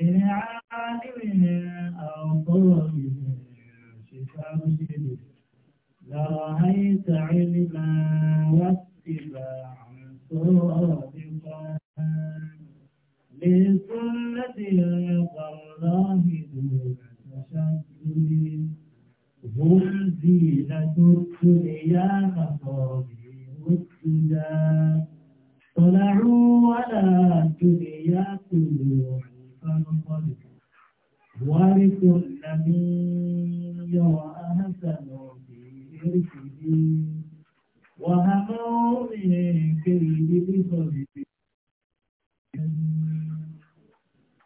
بنعالهم أو طرهم شفاء لرأيت علما واتباعا صادقا لسنة الغراه دون تشدد هم زينة الدنيا مقامي السدى طلعوا على الدنيا وكله عيسان صدق ولكل أمين وأحسن في إرشده وهموا من كيد بصدق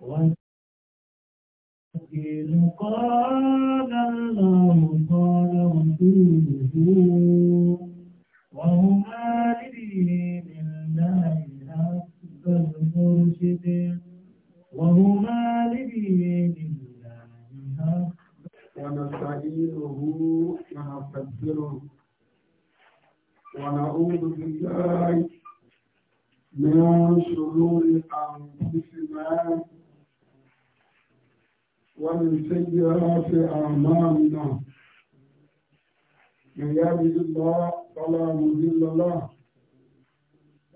وإذ قال الله قال رسوله وهما مرشد وهما لبيد الله ونستعينه ونستغفره ونعوذ بالله من شرور أنفسنا ومن سيئات أعمالنا من يهده الله فلا مضل له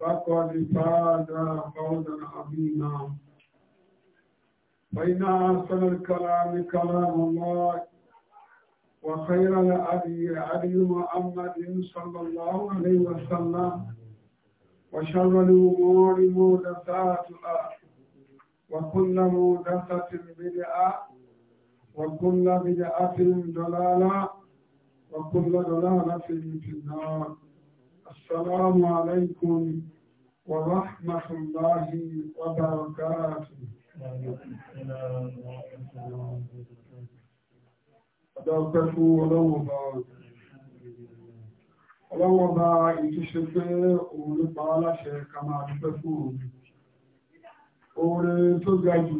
فقد فاز فوزا عظيما فإن أحسن الكلام كلام الله وخير الأبي علي محمد صلى الله عليه وسلم وشر الأمور مودثاتها وكل مودثة بدعة وكل بدعة ضلالة وكل ضلالة في النار السلام عليكم ورحمة الله وبركاته Dọ́pẹ́ fún ọlọ́wọ̀bá ọlọ́wọ̀bá ìtúṣe pé òun ló pa aláṣẹ ká máa dúpẹ́ fún òun. Oore tó ga jù,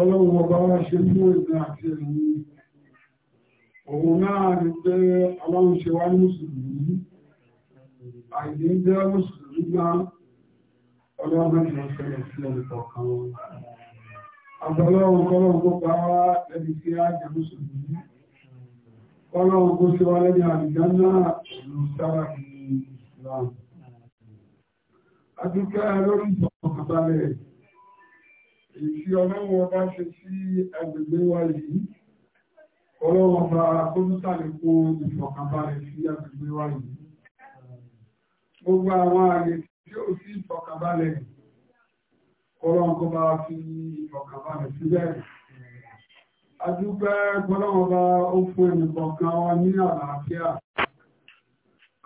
ọlọ́wọ̀bá wá ṣe fún ìgbà àti ẹ̀yìn òun náà ni pé ọlọ́run ṣe wá ní mùsùlùmí àìdí jẹ́ mùsùlùmí gbá ọlọ́run mẹ́rin ọ̀sẹ̀lẹ̀ sí ẹnìkọ̀ kan àbọ̀lọ́run kọ́lọ́run kó pa wá ẹni tí a jẹ́ mùsùlùmí kọ́lọ́run kó ṣe wá lẹ́ni àdìjá náà ìlú sára ní ọlọ́wọ́n bá tó ń sàlékò ìfọ̀kànbalẹ̀ sí àgbègbè wa yìí gbogbo àwọn àyè tí ó sí ìfọ̀kànbalẹ̀ ọlọ́wọ́n kọ́ bá fi ìfọ̀kànbalẹ̀ síbẹ̀ adúpẹ́ gbọ́lọ́wọ́n bá ó fún ẹnìkọ̀ọ̀kan wa ní àlàáfíà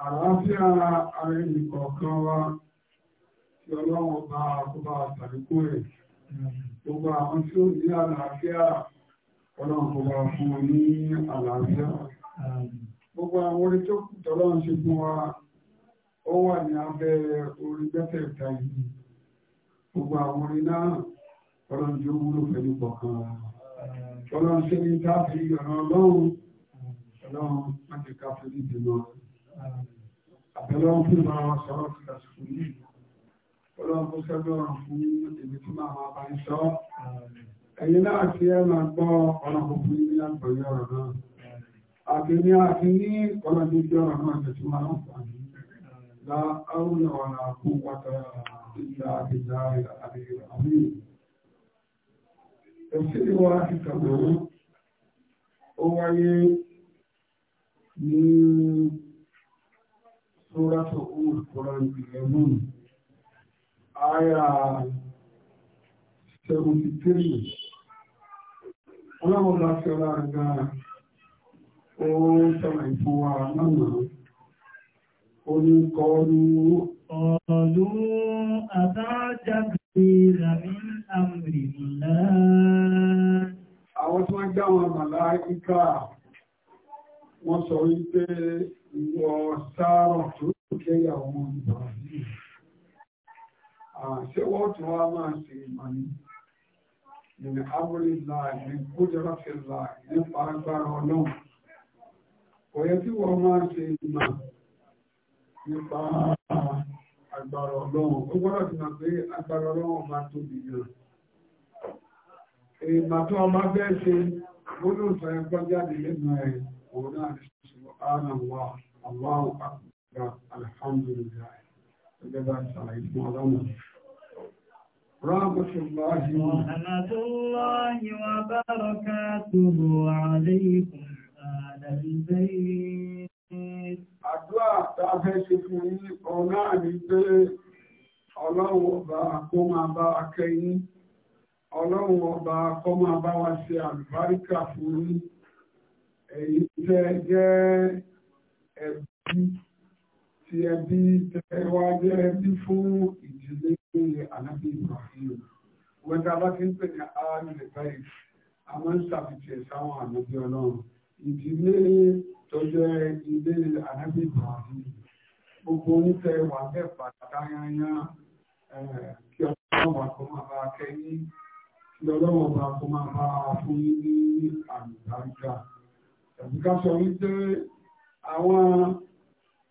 àlàáfíà ara ẹnìkọ̀ọ̀kan wa tí ọlọ́wọ́n bá kó bá sàlékò rẹ̀ gbogbo àwọn tí ó ní àlàáfíà ọlọ́run kò bá fún wọn ní àlàáfíà gbogbo àwọn orí tó tọ́lọ́run ṣe fún wa ó wà ní abẹ́ orí mẹ́tẹ̀ẹ̀ta yìí gbogbo àwọn orí náà ọlọ́run tí ó wúlò pẹ̀lú kọ̀ọ̀kan ọlọ́run ṣe ní táàbí ọ̀nà ọlọ́run ọlọ́run láti ká fún ìdènà àbẹ̀lọ́run fún ìmọ̀ràn ẹ̀yin náà tí ẹ máa gbọ́ ọ̀nà òkú ní àgbọ̀yẹ ọ̀rọ̀ náà àti ní àti ní ọ̀nà dídí ọ̀rọ̀ náà tẹ̀sí máa ń fà ní la áwùlọ̀ ọ̀nà àkú pátá ìlà ìlà àti àmì ẹ̀sìn ìwà àti tàbí ó wáyé ní Sóràtọ̀ Old Aya 73 ọlọ́run lọ sí ọlá àgbà ó sọ̀rọ̀ ìfún wa lọ́nà ó ní kọ́ ní ọ̀ọ̀lú àbájáde rami amri ńlá àwọn tí wọ́n gbá wọn màláíkà wọ́n sọ wípé ìwọ sáárọ̀ tó kéyàwó ìbàdí àṣẹwọ́ tí wọ́n máa ṣe ìmọ̀ nìyí ìrìn àwọlé láàrin kójọra fi là nípa agbára ọlọ́run kò yẹ tí wọ́n máa ṣe ìmọ̀ nípa agbára ọlọ́run ó gbọ́dọ̀ ti mọ̀ pé agbára ọlọ́run máa tóbi gan èèmà tó ọmọ bẹ́ẹ̀ ṣe gbólóòtọ́ ẹgbọ́n jáde lẹ́nu ẹ̀ òun náà ní subhanallah Allahu akbar alhamdulillah ẹgbẹ́ bá ṣàlàyé fún ọlọ́run رحمة الله ورحمة الله وبركاته عليكم آل البيت Àdúrà tàbí ṣe fún yín ọ̀nà ní pé ọlọ́run ọba kó máa bá wa kẹ́yìn, ọlọ́run ọba kó máa bá wa ṣe àlùbáríkà fún yín, èyí tẹ́ jẹ́ ẹbí tí ẹbí tẹ́ wá jẹ́ ẹbí fún ìgbà ìdílé ànábì Ibrahim wọ́n tá a bá ti ń pè ní ààrùn ìbáyìí a máa ń ṣàfihàn sáwọn ànábì ọlọ́run ìdílé tó jẹ́ ilé ànábì Ibrahim gbogbo oníṣẹ́ wà bẹ́ẹ̀ pàtàkì yányá kí ọlọ́run bá kó máa bá kẹ́yìn kí ọlọ́run bá kó máa bá fún yín ní àlùbáríkà tàbí ká sọ wípé àwọn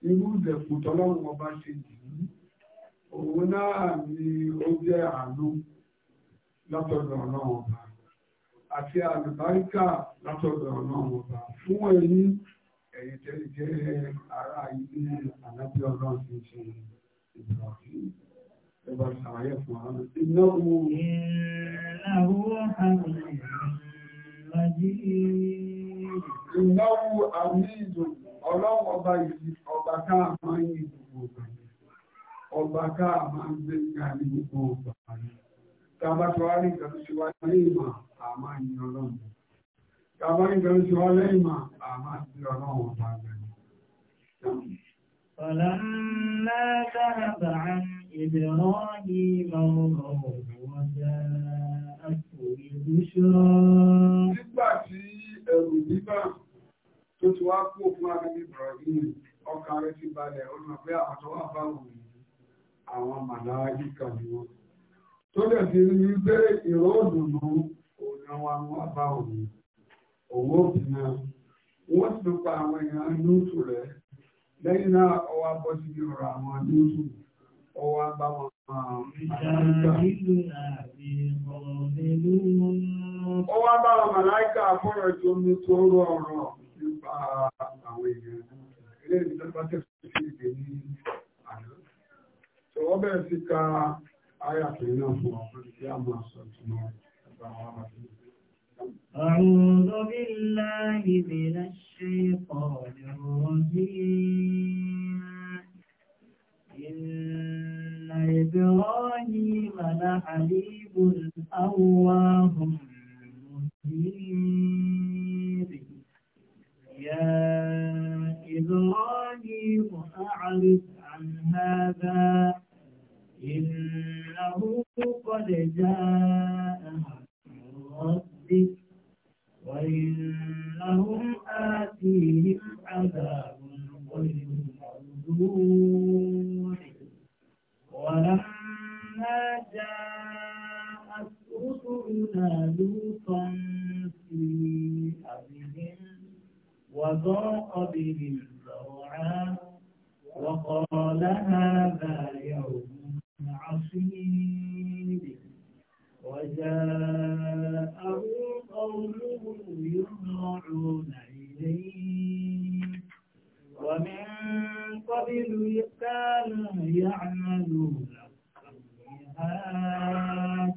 irú ìdẹ̀kùn tọ́lọ́run ọba ṣe yìí òun náà ni ó jẹ́ àánú látọ̀dọ̀ ọlọ́run ọba àti àlùbáríkà látọ̀dọ̀ ọlọ́run ọba fún ẹ̀yin ẹ̀yin tẹ́ jẹ́ ará ilé ànábí ọlọ́run ti ṣe ìgbà tí ẹgbà ṣàlàyé fún wa iná wo. Ìnáwó àmì ìdùn ọlọ́run ọba yìí ọba káàmọ́ yìí gbogbo ọba káà máa ń gbé ká ní gbogbo ọgbà ní tabatawari nǹkan tó ṣe wá lẹ́yìn mà á máa ń yan ọlọ́run tabatawari nǹkan tó ṣe wá lẹ́yìn mà á máa ń yan ọlọ́run ọba gbẹ̀mí. فلما ذهب عن إبراهيم وهو وجاءته البشرى nígbà àwọn màláíkà ni wọn tó dẹ̀ ti rí pé ìró òdùnnú òun àwọn àwọn bá òun òun òbí wọ́n ti pa àwọn èèyàn núùtù rẹ̀ lẹ́yìn náà ọwọ́ sí ọ̀rọ̀ àwọn núùtù ọwọ́ wọn tó rọ ọ̀rọ̀ nípa àwọn tó wọ́n bẹ̀rẹ̀ sí ka ayàtọ̀ náà fún wa fún ìdí àmọ́ àṣọ ìtumọ̀ ẹgbà àwọn àbájú. أعوذ بالله من الشيطان الرجيم إن إبراهيم لحليب أواه منيب يا إبراهيم أعرف عن هذا إنه قد جاء ربك وإنهم آتيهم عذاب غير مردود ولما جاءت رسلنا لوطا في أبهم وضاق بهم ذرعا وقال هذا يوم عصيب وجاءه قومه يرجعون إليه ومن قبل كانوا يعملون السيئات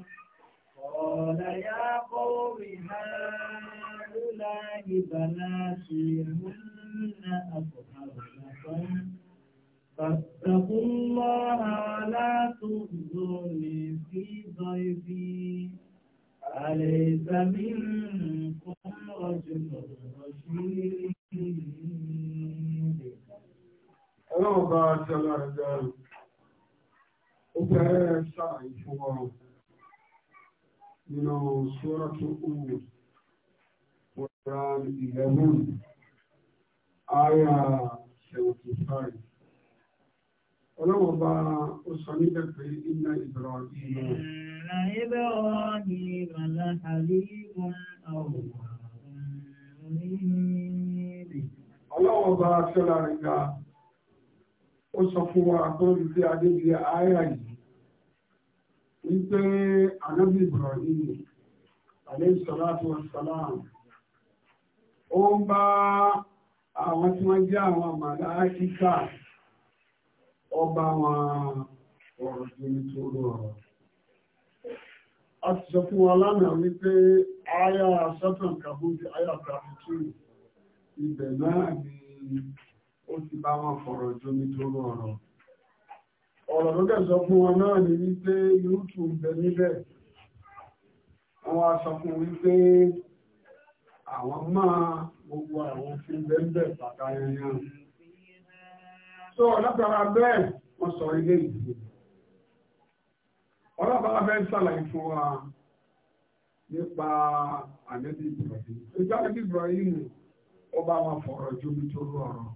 قال يا قوم هؤلاء بناتي هن أطهر لكم فاتقوا الله رسول في ضيفي أليس منكم رجل رشيد Ọlọ́run bá ṣọlá ẹ̀dá ó fẹ́ ṣàlàyé fún wa nínú ṣọ́rọ̀ tó kúrò 11 ayà 75 ọlọ́wọ́ bá ó sọ níbẹ̀ pé iná ìbẹ̀rọ̀ ìmọ̀. Ìrìnà ìbẹ̀rọ̀ ni màlá àlíkùn àwọn ọlọ́wọ́ bá ṣọ́lá rẹ̀ ga ó sọ fún wa tó ń fi adébí àyà yìí wípé ànábì Ibrahim alayhi salatu wassalam ó ń bá àwọn tí wọ́n jẹ́ àwọn màlá kíkà ọba wọn ọ̀rọ̀ jẹ́ni tó rọrọ̀. A ti sọ fún wa lánàá wípé aya sẹ́tàn kàbúndì aya kàbúndì ibẹ̀ náà ni ó ti bá wọn fọ̀rọ̀ jẹ́ni tó rọrọ̀. Ọ̀rọ̀ tó dẹ̀ sọ fún wa náà ni wípé yúùtù ń bẹ níbẹ̀. fún wípé àwọn máa gbogbo àwọn fi bẹ́ẹ̀ bẹ̀ pàtàkì yẹn. tó látara bẹ́ẹ̀ wọ́n sọ ilé ìdìbò ọlọ́pàá fẹ́ sàlàyé fún wa nípa ànẹ́bí Ibrahim ìjọ ànẹ́bí Ibrahim ó bá wọn fọ̀rọ̀ jómi tó rọrọ̀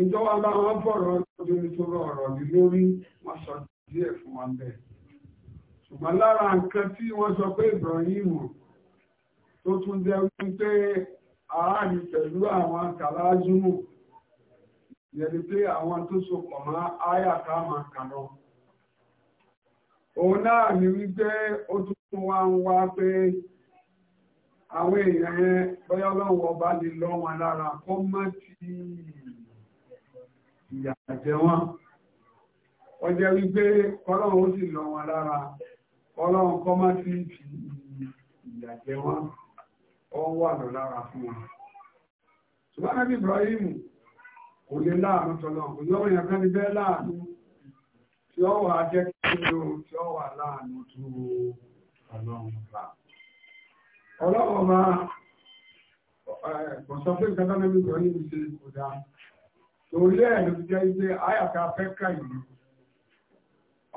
ìjọ wa bá wọn fọ̀rọ̀ jómi tó rọrọ̀ ní lórí wọ́n sọ díẹ̀ fún wa bẹ́ẹ̀ ṣùgbọ́n lára nǹkan tí wọ́n sọ pé Ibrahim tó yẹni pé àwọn tó so pọ̀ mọ́ áyà ká máa kà lọ. òun náà ni wípé ó tún wá ń wá pé àwọn èèyàn yẹn bóyá ọlọ́run ọba lè lọ wọn lára kó má ti ìyà jẹ wọn. ó jẹ́ wípé ọlọ́run ó sì lọ wọn lára ọlọ́run kó má ti fi ìyà jẹ wọn. ó wà lọ lára fún wọn. ṣùgbọ́n Ibrahim kò lè láàánú tọ́lọ́run kò lọ́wọ́ yẹn kan ní bẹ́ẹ̀ láàánú tí ó wà jẹ́ kí ó tí ó wà láàánú tó ọlọ́run bá. ọlọ́run bá kò sọ pé nǹkan tán níbi ìrọ̀lẹ́ mi ṣe kò dáa torí ẹ̀ ló ti jẹ́ ilé àyàká fẹ́ ká ìlú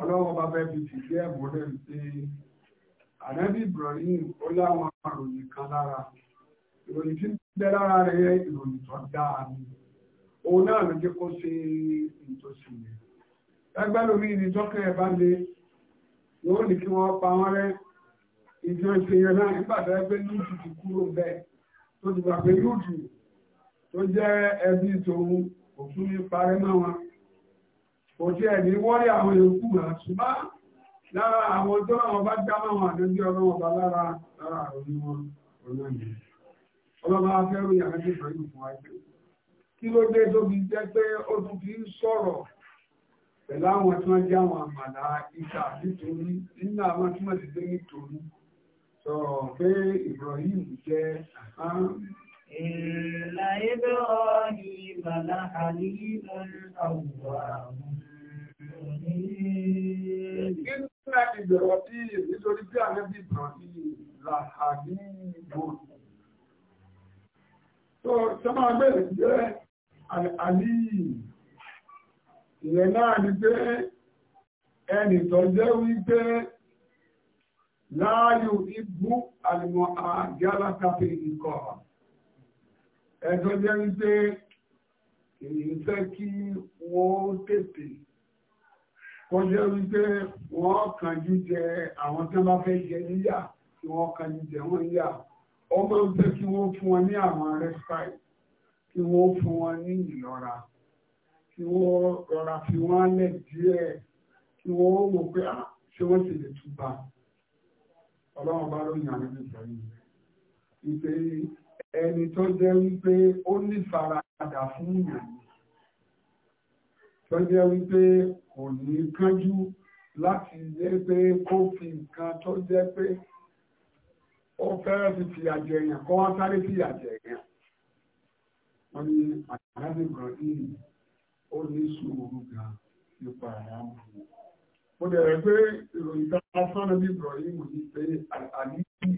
ọlọ́run bá fẹ́ fi fìdí ẹ̀ mọ́lẹ̀ pé ànábì Ibrahim ó láwọn àròyìn kan lára ìròyìn tí ń bẹ lára rẹ̀ ìròyìn tó dáa ni òun náà ló jẹ́ kó ṣe ìtòsí rẹ̀ lágbá lórí ibi tọ́kẹ́ ẹ̀ bá lé yóò ní kí wọ́n pa wọ́n rẹ́ ìdí ọ̀sẹ̀ yẹn náà nígbà tó yẹ pé lúùtù ti kúrò bẹ́ẹ̀ tó ti gbà pé lúùtù tó jẹ́ ẹbí tòun kò tún ní parẹ́ mọ́ wọn kò tí ẹ̀ ní wọ́n rí àwọn yòókù hàn ṣùgbọ́n lára àwọn tó àwọn bá dá máwọn àdójú ọ̀rọ̀ wọn bá lára lára àròyìn wọn ọ̀nà yìí ọlọ́mọ afẹ́rù yàrá ti fẹ́ yìí fún wa pé kí ló dé tóbi jẹ́ pé ó tún fi ń sọ̀rọ̀ pẹ̀lú àwọn tí wọ́n jẹ́ àwọn àmàlà ìta nítorí nínú àwọn tí wọ́n ti dé nítorí sọ̀rọ̀ pé Ibrahim jẹ́ àhán. Ìlà Ibrahim bàlá àlímọ̀ àwòrán. Nígbà ìbẹ̀rọ̀ tí nítorí bí àlẹ́bí Ibrahim là àlímọ̀. Sọ sọ́mọ́ abẹ́rẹ́ jẹ́ àníyì ìyẹn náà ni pé ẹnì tó jẹ́ wípé láàyò ibú àlùmọ̀ àgálàkàfé ikọ̀ ẹ̀tọ́ jẹ́ wípé èyí fẹ́ kí wọ́n tètè kọjá wípé wọ́n kànjú jẹ àwọn tí wọ́n bá fẹ́ jẹ níyà tí wọ́n kànjú jẹ wọ́n níyà ọmọ ń fẹ́ kí wọ́n fún wọn ní àwọn respite kí wọ́n fún wọn ní ìlọ́ra kí wọ́n rọra fi wọ́n lẹ̀ díẹ̀ kí wọ́n mọ̀ pé ṣé wọ́n sì lè túbà ọlọ́run bá lóyún àwọn ẹni sẹ́yìn ìpè ẹni tó jẹ́ wípé ó ní faradà fún ìyàn tó jẹ́ wípé kò ní kánjú láti jẹ́ pé kó fi nǹkan tó jẹ́ pé ó fẹ́ fi fìyà kó wá sáré fìyà wọ́n ní àdábì Ibrahim ó ní sùúrù ga nípa àyàmù mo bẹ̀rẹ̀ pé ìròyìn tá a fọ́nà bí Ibrahim ní pé àlìkì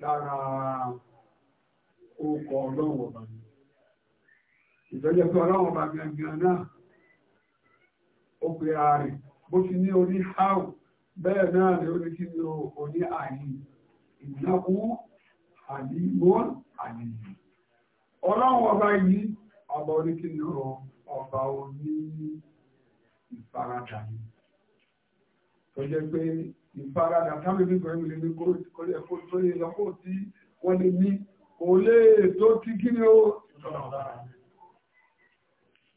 lára orúkọ ọlọ́run ọba ni ìtọ́jẹ́ pé ọlọ́run ọba gangan náà ó pe ààrẹ bó ti ní orí háù bẹ́ẹ̀ náà ni ó ní kí ni oní àyè ìnáwó àlìmọ́ àlìyàn ọlọ́run ọba yìí ọba oníkìní ọ ọba oní ìfaradà ni tó jẹ́ pé ìfaradà tábìlì ìgbọ̀nyí lè ní kó lè kó tó lè lọ kó tí wọ́n lè ní kò lè tó tí kí ni ó ìtọ́nà ọba rẹ̀.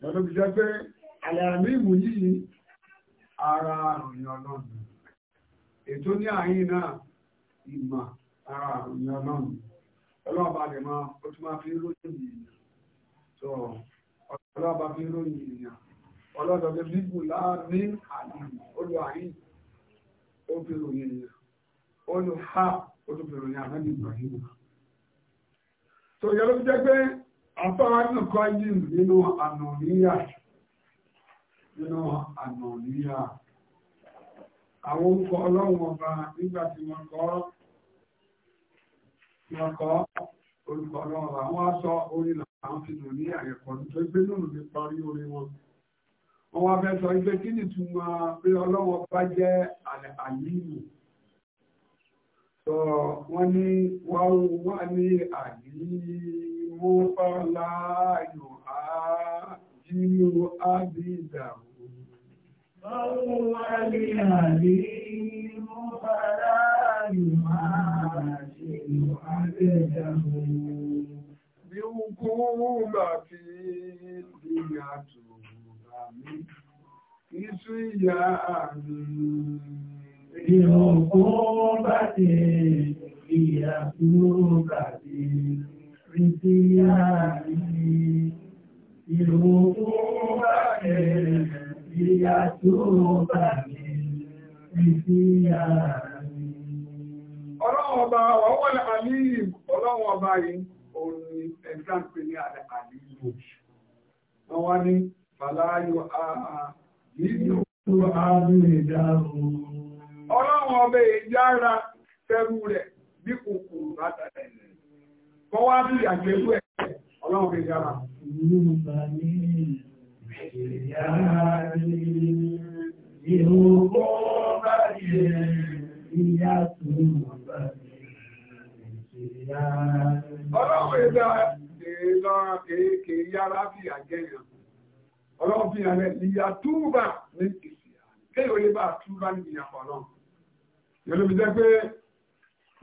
lọ́dọ̀ bí jẹ́ pé àlẹ́ àmì ìmú yìí ara àròyìn ọlọ́run ètò ní àyín náà ìmọ̀ ara àròyìn ọlọ́run ọlọ́ọ̀bá rẹ̀ máa ó tún máa fi ròyìn èèyàn tó ọlọ́ọ̀bá fi ròyìn èèyàn ọlọ́dọ̀ tó bíbù láàrin àdìyàn olú àyìn ó fi ròyìn èèyàn olú ha ó tún fi ròyìn àmẹ́lì Ibrahim tó yẹ ló fi jẹ́ pé ọlọ́run ọba nígbà tí wọ́n kọ́ tí wọ́n kọ́ orúkọ ọlọ́run àwọn aṣọ orin làwọn fi lò ní àyẹ̀kọ́ nítorí pé lónìí mi parí orin wọn wọ́n wá fẹ́ sọ ife kí ni túmọ̀ pé ọlọ́wọ́ bá jẹ́ àlìmù sọ wọ́n ní wọ́n wá ní àlìmù fọ́lá yóò á jílù ábídàwó. wọ́n ní àlìmù fọ́lá يعاشر عبده بعقوبة ديته كصيام بعقوبة بعقوبة بصيام بعقوبة بعقوبة بصيام ọlọ́run ọba ọwọ́ àlíyìn ọlọ́run ọba yìí òun ni ẹ̀ka ń pè ní àlíyìn òjì wọ́n wá ní fàlàyò àyíyìn òkú àmì ìdáhùn ọlọ́run ọba ìyára fẹ́rù rẹ̀ bí kòkòrò látàlẹ̀ Ọlọ́run ẹ̀dá èèlọ èèkè yára fi àjẹyàn. Ọlọ́run fi hàn ìyà túbà ní ìsìyà. Kéyò lè bá túbà ní ìyàpọ̀ náà. Yọ̀lọ́ mi jẹ́ pé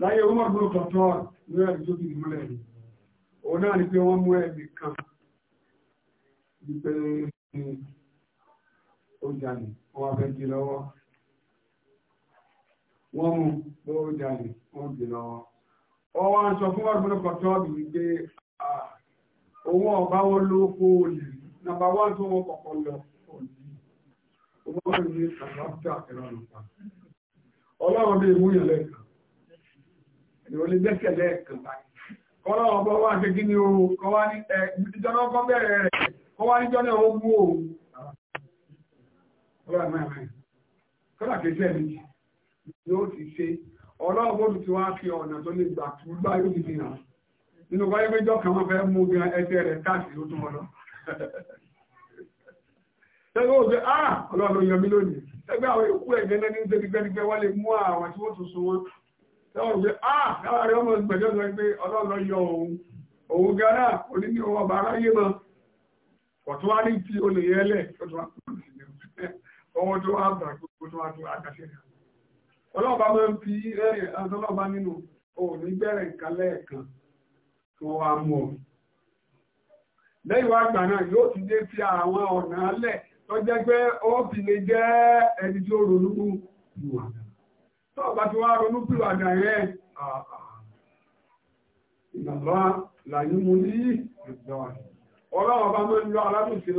láyé ọmọ ọdún tọ̀tọ̀ ní ẹ̀rí tó fi múlẹ̀ ni. Òun náà ni pé wọ́n mú ẹ̀mí kan. Wípé ó jalè, wọ́n fẹ́ jí lọ́wọ́. Wọ́n mú ó jalè, wọ́n jí lọ́wọ́ ọwọ́ ń sọ fún ọ̀gbọ́n kọ̀tọ́ọ̀bì wípé owó ọba wọn ló kó olè nàbà wọn tó wọn kọ̀kọ́ lọ òní owó wọn ní àlàáfíà ìrọ̀rùn pa ọlọ́run bí ìmúyàn lẹ́ẹ̀kan ìròyìn lè dẹ́sẹ̀ lẹ́ẹ̀kan báyìí kọ́lọ́run bọ́ wá ṣe kí ni o kọ́ wá ní ẹ ìjọba ọkọ bẹ̀rẹ̀ rẹ̀ kọ́ wá ní jọ́nà ogún o kọ́lá kejì ẹ̀ méjì ni ó ti ṣe ọlọ́run bó ti wá fi ọ̀nà tó lè gbà tú báyọ̀ níbi náà nínú wáyé méjọ kan wọn fẹ́ mú gan ẹsẹ̀ rẹ̀ káàkiri ó tún mọ́ lọ. ṣẹ́gbẹ́ òṣè á ọlọ́run yọ mí lónìí ṣẹ́gbẹ́ àwọn ikú ẹ̀jẹ̀ náà ní gbẹ́gbẹ́gbẹ́ wá lè mú àwọn tí wọ́n tún sun wọn. ṣẹ́gbẹ́ òṣè á káwá rẹ̀ ọmọ ìgbẹ́jọ́ sọ pé ọlọ́run yọ òun òun gánà oníní ọlọ́ọ̀bá máa ń fi ẹ̀rìn ọlọ́ọ̀bá nínú òní bẹ̀rẹ̀ nǹkan lẹ́ẹ̀kan tí wọ́n wá mú ọ. lẹ́yìn wá gbà náà yóò ti dé fi àwọn ọ̀nà alẹ̀ tó jẹ́ pé ó fi lè jẹ́ ẹni tí ó ronú pìwàdà tó ọ̀bá ti wá ronú pìwàdà yẹn ìgbàlọ́ làyé mu ní ìgbà ọlọ́ọ̀bá máa ń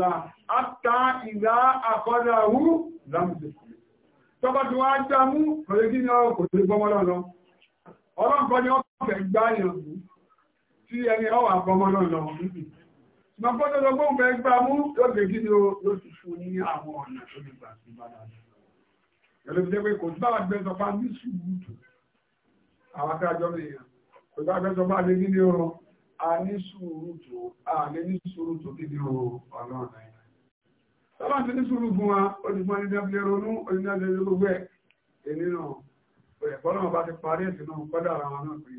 lọ a átà ìlà àkọ́dà wú lámùsílà tọ́bá tí wọ́n á já mú pẹ̀lú kí ní ọkọ̀ tó gbọ́mọ́lọ́ lọ ọlọ́nkọ́ ni ọkọ̀ gbá ìrànbù tí ẹni ọwà gbọ́mọ́lọ́ lọ ma gbọ́dọ̀ lọ gbóhùn bẹ́ẹ̀ gbá mú lóde kí ni ó ti fún ní àwọn ọ̀nà tó lè gbà sí bàdà pẹ̀lú fi jẹ́ pé kò bá gbẹ́ sọ bá ní sùúrù àwọn akájọ́ mi yàn kò a ní sùúrù a lè ní sùúrù tó kí ni sábà ti ní sùúrù fún wa ó ti fún wa ní dábìlẹ̀ ronú ó ti ní dábìlẹ̀ gbogbo ẹ̀ èmi náà ẹ̀kọ́ náà bá ti parí ẹ̀sìn náà kọ́dà ara wọn náà pé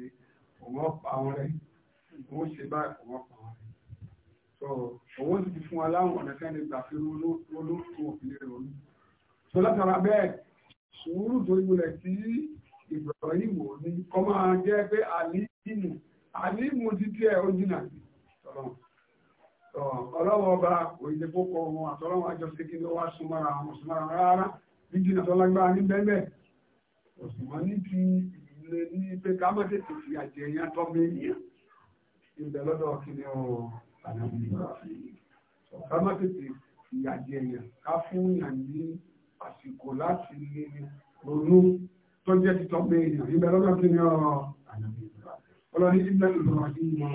òun pa wọn rẹ̀ òun ṣe báyìí òun pa wọn rẹ̀ so òun ti fún wa láwọn ọ̀nà sẹ́ni gbà fi ronú ronú fún òfin ronú so látara bẹ́ẹ̀ sùúrù tó yúlẹ̀ tí Ibrahim wò ní kọ́ máa jẹ́ pé àlímù àlímù títí ẹ̀ ó jìnà sí ọlọ́wọ́ ọba òyìnbó púpọ̀ ọmọ àtọ́lọ́wọ́ àjọṣe kí ló wá súnmọ́ra àwọn súnmọ́ra rárá bí jìnnà tó lágbára ní bẹ́ẹ̀ òṣùwọ̀n ní ti ilé ní pé ká mọ́ tètè fi àjẹ èèyàn tọ́ mẹ́yìn ìbẹ̀ lọ́dọ̀ kí ni ọ ká mọ́ tètè fi àjẹ èèyàn ká fún yàn ní àsìkò láti lè ronú tó jẹ́ títọ́ mẹ́yìn ìbẹ̀ lọ́dọ̀ kí ni ọ ànàmì ọlọ́ni tí mẹ́rin lọ àti ìmọ̀.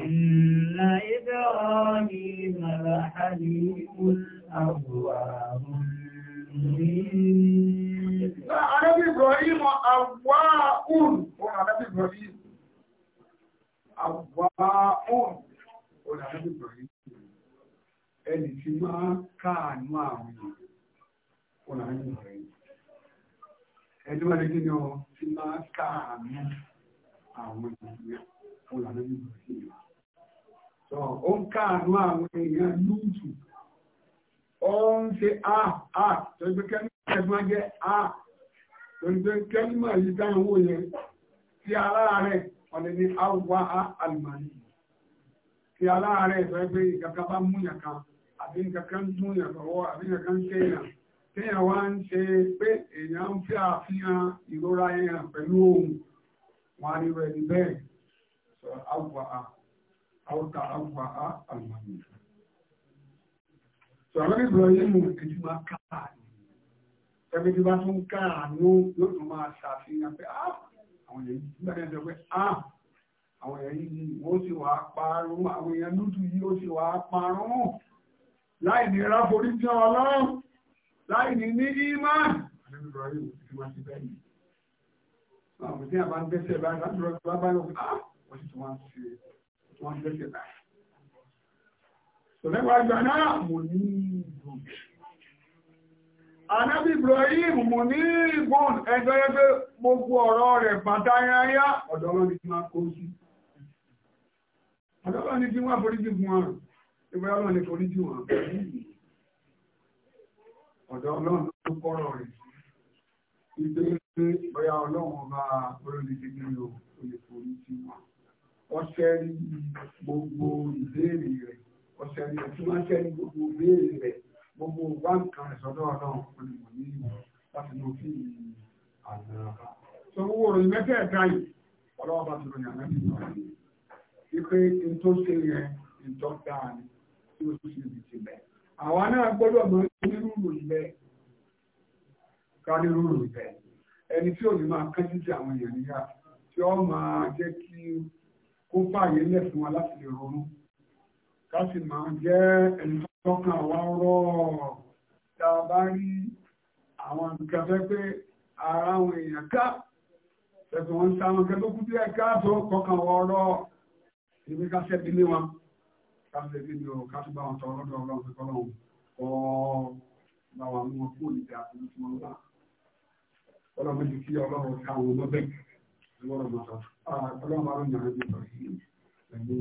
Nà ibẹ̀ ọ̀ní màrà àdì ìkún àbúwà Àdábí Ibrahim àwáhùn, ó àdábí Ibrahim. Àwáhùn, ó àdábí Ibrahim. Ẹni tí máa káànú àwọn ènìyàn, ó àdábí Ibrahim. Ẹni wọ́n lè gínú tí máa káànú àwọn ènìyàn ọ̀làdé nínú ìlú. Sọ ó ń káàánú àwọn èèyàn lúùtù. Ó ń ṣe á á tó ń gbé kẹ́míkà ẹ̀gbọ́n jẹ́ á tó ń gbé kẹ́míkà yìí dáhùn owó yẹn ti aláàárẹ̀ ọ̀nà ní àwùwá àlùmọ́nì. Ti aláàárẹ̀ sọ pé ìkankan bá mú yàn kan àbí ìkankan mú yàn lọ́wọ́ àbí ìkankan ṣe yàn. Téèyàn wá ń ṣe pé èèyàn ń fi àfihàn awwa'a aw ta awwa'a almani so àwọn Ibrahim kejì máa káà ní ẹgbẹ́ tí bá tún káà ní yóò tún máa ṣàfihàn pé ah! àwọn èyí gbẹ́rẹ́ sọ pé ah! àwọn èyí ni wọ́n sì wà parun àwọn èèyàn lúdù yìí ó sì wà parun láì ní ráforí jẹ́ ọlọ́run láì ní ní ìmá àwọn Ibrahim kejì máa ti bẹ́ẹ̀ ni àwọn tí a bá ń bẹ́sẹ̀ bá ń bá ń bá ń bá ń wọ́n sì tún wá ń ṣe wọ́n gbẹ́sẹ̀ náà. Sọ̀lẹ́wà ìgbà náà mo ní ìbùn. Anábì Ibrahim mo ní ìbùn ẹgbẹ́ ẹgbẹ́ gbogbo ọ̀rọ̀ rẹ̀ bàtàyáyá ọ̀dọ́rọ̀ ni kí wọ́n kó sí. Ọ̀dọ́rọ̀ ni kí wọ́n foríjì fún wọn. Ìwé ọlọ́run ni foríjì wọn. Ọ̀dọ́ ọlọ́run ló kọ́rọ̀ rẹ̀. Ìgbé ọlọ́run ọba olólùdíjì ní olè foríjì wọn ọ̀ṣẹ́rí gbogbo ìbéèrè rẹ̀ ọ̀ṣẹ́rí rẹ̀ tí wọ́n ṣẹ́rí gbogbo ìbéèrè rẹ̀ gbogbo wá nǹkan rẹ̀ sọ́dọ̀ ọlọ́run fún ìmọ̀ ní ìmọ̀ láti mú sí àná. sọ gbogbo òròyìn mẹ́tẹ̀ẹ̀ta yìí ọlọ́wọ́ bá ti ròyìn àná nínú ọ̀rẹ́ wípé n tó ṣe yẹn n tó dáa ni tí o sì ti ti bẹ̀. àwa náà gbọ́dọ̀ mọ onírúurú ìbẹ́ ká nírúurú ìbẹ́ ẹni tí kó fààyè lẹ̀ fún wa láti lè ronú ká sì máa jẹ́ ẹni tọ́kàn wa rọ̀ tá a bá rí àwọn nǹkan fẹ́ pé ara àwọn èèyàn ká ẹ̀sùn wọn sáwọn nǹkan tó kú díẹ̀ káàtó kọkàn wa rọ̀ ìwé ká ṣẹ́bi lé wọn ká ṣẹ́bi lé wọn ká tún bá wọn sọ ọlọ́dọ̀ ọlọ́run fi kọ́ lọ́hùn kọ́ bá wa mú wọn kúrò níbi àtúntò tí wọ́n wà ọlọ́run kí ọlọ́run ká wọn lọ́bẹ̀ lọ́rọ̀ mọ́tọ́tù ọlọ́run máa ń yọrọ bí sọ yìí pẹ̀lú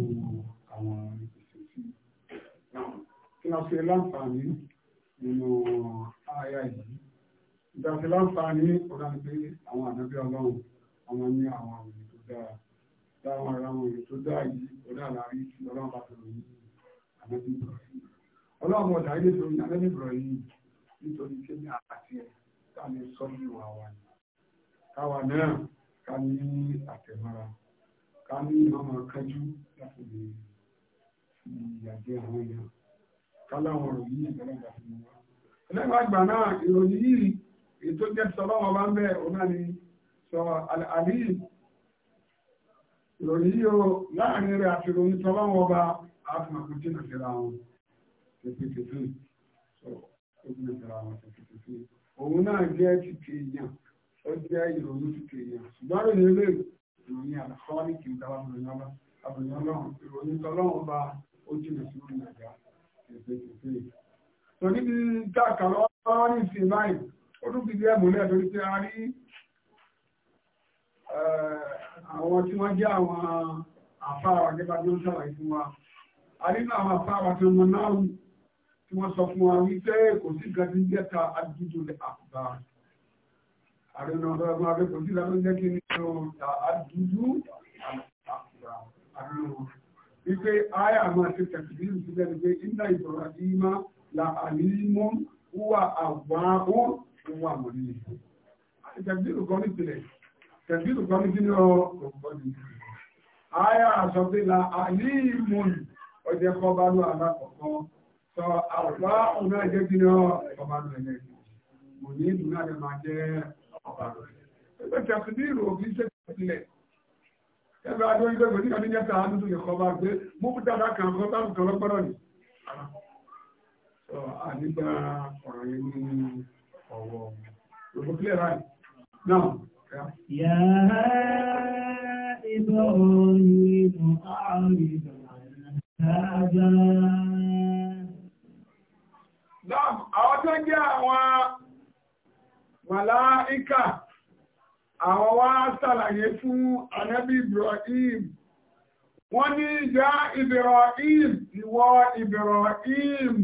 àwọn ìpèsè náà kí wọ́n fi láǹfààní nínú àyà yìí ìdáfi láǹfààní ọ̀dà ni pé àwọn ànábí ọlọ́run àwọn ní àwọn òye tó dáa láwọn ará àwọn òye tó dáa yìí ọ̀dà àlárí tí ní ànábí náà ka ní àtẹ̀mọ́ra ká ní ìmọ̀mọ̀ kájú láti lè fi ìyàjẹ́ àwọn èèyàn ká láwọn ọ̀rọ̀ yìí ìgbàlódà fún mi ẹlẹ́gbàá àgbà náà ìròyìn yìí èyí tó jẹ́ sọlọ́wọ́ ń bẹ̀ náà ni sọ ìròyìn yìí láàrin rẹ̀ àti ìròyìn kò wọn ó jẹ́ ìròyìn títí èèyàn ṣùgbọ́n ìròyìn eléyìí ìròyìn àlàkọ́ọ́lì kì í dáwà àbòyàn ọlọ́run ìròyìn tọ́lọ́run bá ó jìnà sí orí àga ìgbésẹ̀ tó níbi dáàkà lọ́wọ́ ní ìsìn báyìí ó tún fi díẹ̀ múlẹ̀ lórí pé a rí eh, àwọn tí wọ́n jẹ́ àwọn àfáàwà gẹ́gẹ́ bí ó ń fún wa a rí náà àwọn àfáàwà tí wọ́n náà tí wọ́n sọ fún wa wípé kò sí gẹ́gẹ́ bí àrẹ̀nà ọ̀dọ́gbọ́n abẹ́kọ̀ọ́jú lábẹ́ jẹ́ kí ní àdúdú àrùn wípé àyà máa ṣe tẹ̀sìlì ìṣẹ́lẹ̀ wípé iná ìbọ̀rọ̀ àti ìmá la àlímọ́ wúwà àgbáhó wúwà mọ̀lì tẹ̀sìlì kan ní ìpìlẹ̀ tẹ̀sìlì kan ní kí ní ọ̀pọ̀ ní àyà sọ pé la àlímọ́ ọjẹ́ kọ́ bá lọ àlákọ̀ọ́kọ́ sọ àgbáhó náà jẹ́ kí ní ọ̀pọ̀ bá lọ ẹ̀yẹ́ mo ní ìdùnnú àdè máa jẹ́ ọba ẹgbẹ́ tẹ̀sídìrì òbí ṣe tẹ̀sílẹ̀ ẹgbẹ́ adó ẹgbẹ́ gbòdì kan níjẹ́ tà ádùn lè kọ́ gbé mú dáadáa kan kọ́ kan lọ́gbọ́dọ̀ ni. àdìgbà ọ̀rọ̀ yẹn ní ọ̀wọ́ òbí kílẹ̀ ráì náà. يا إبراهيم أعرض عن هذا. Àwọn tó ń jẹ́ àwọn màláíkà àwọn wá sàlàyé fún ànábì Ibrahim wọ́n ní ìjà Ibrahim ìwọ Ibrahim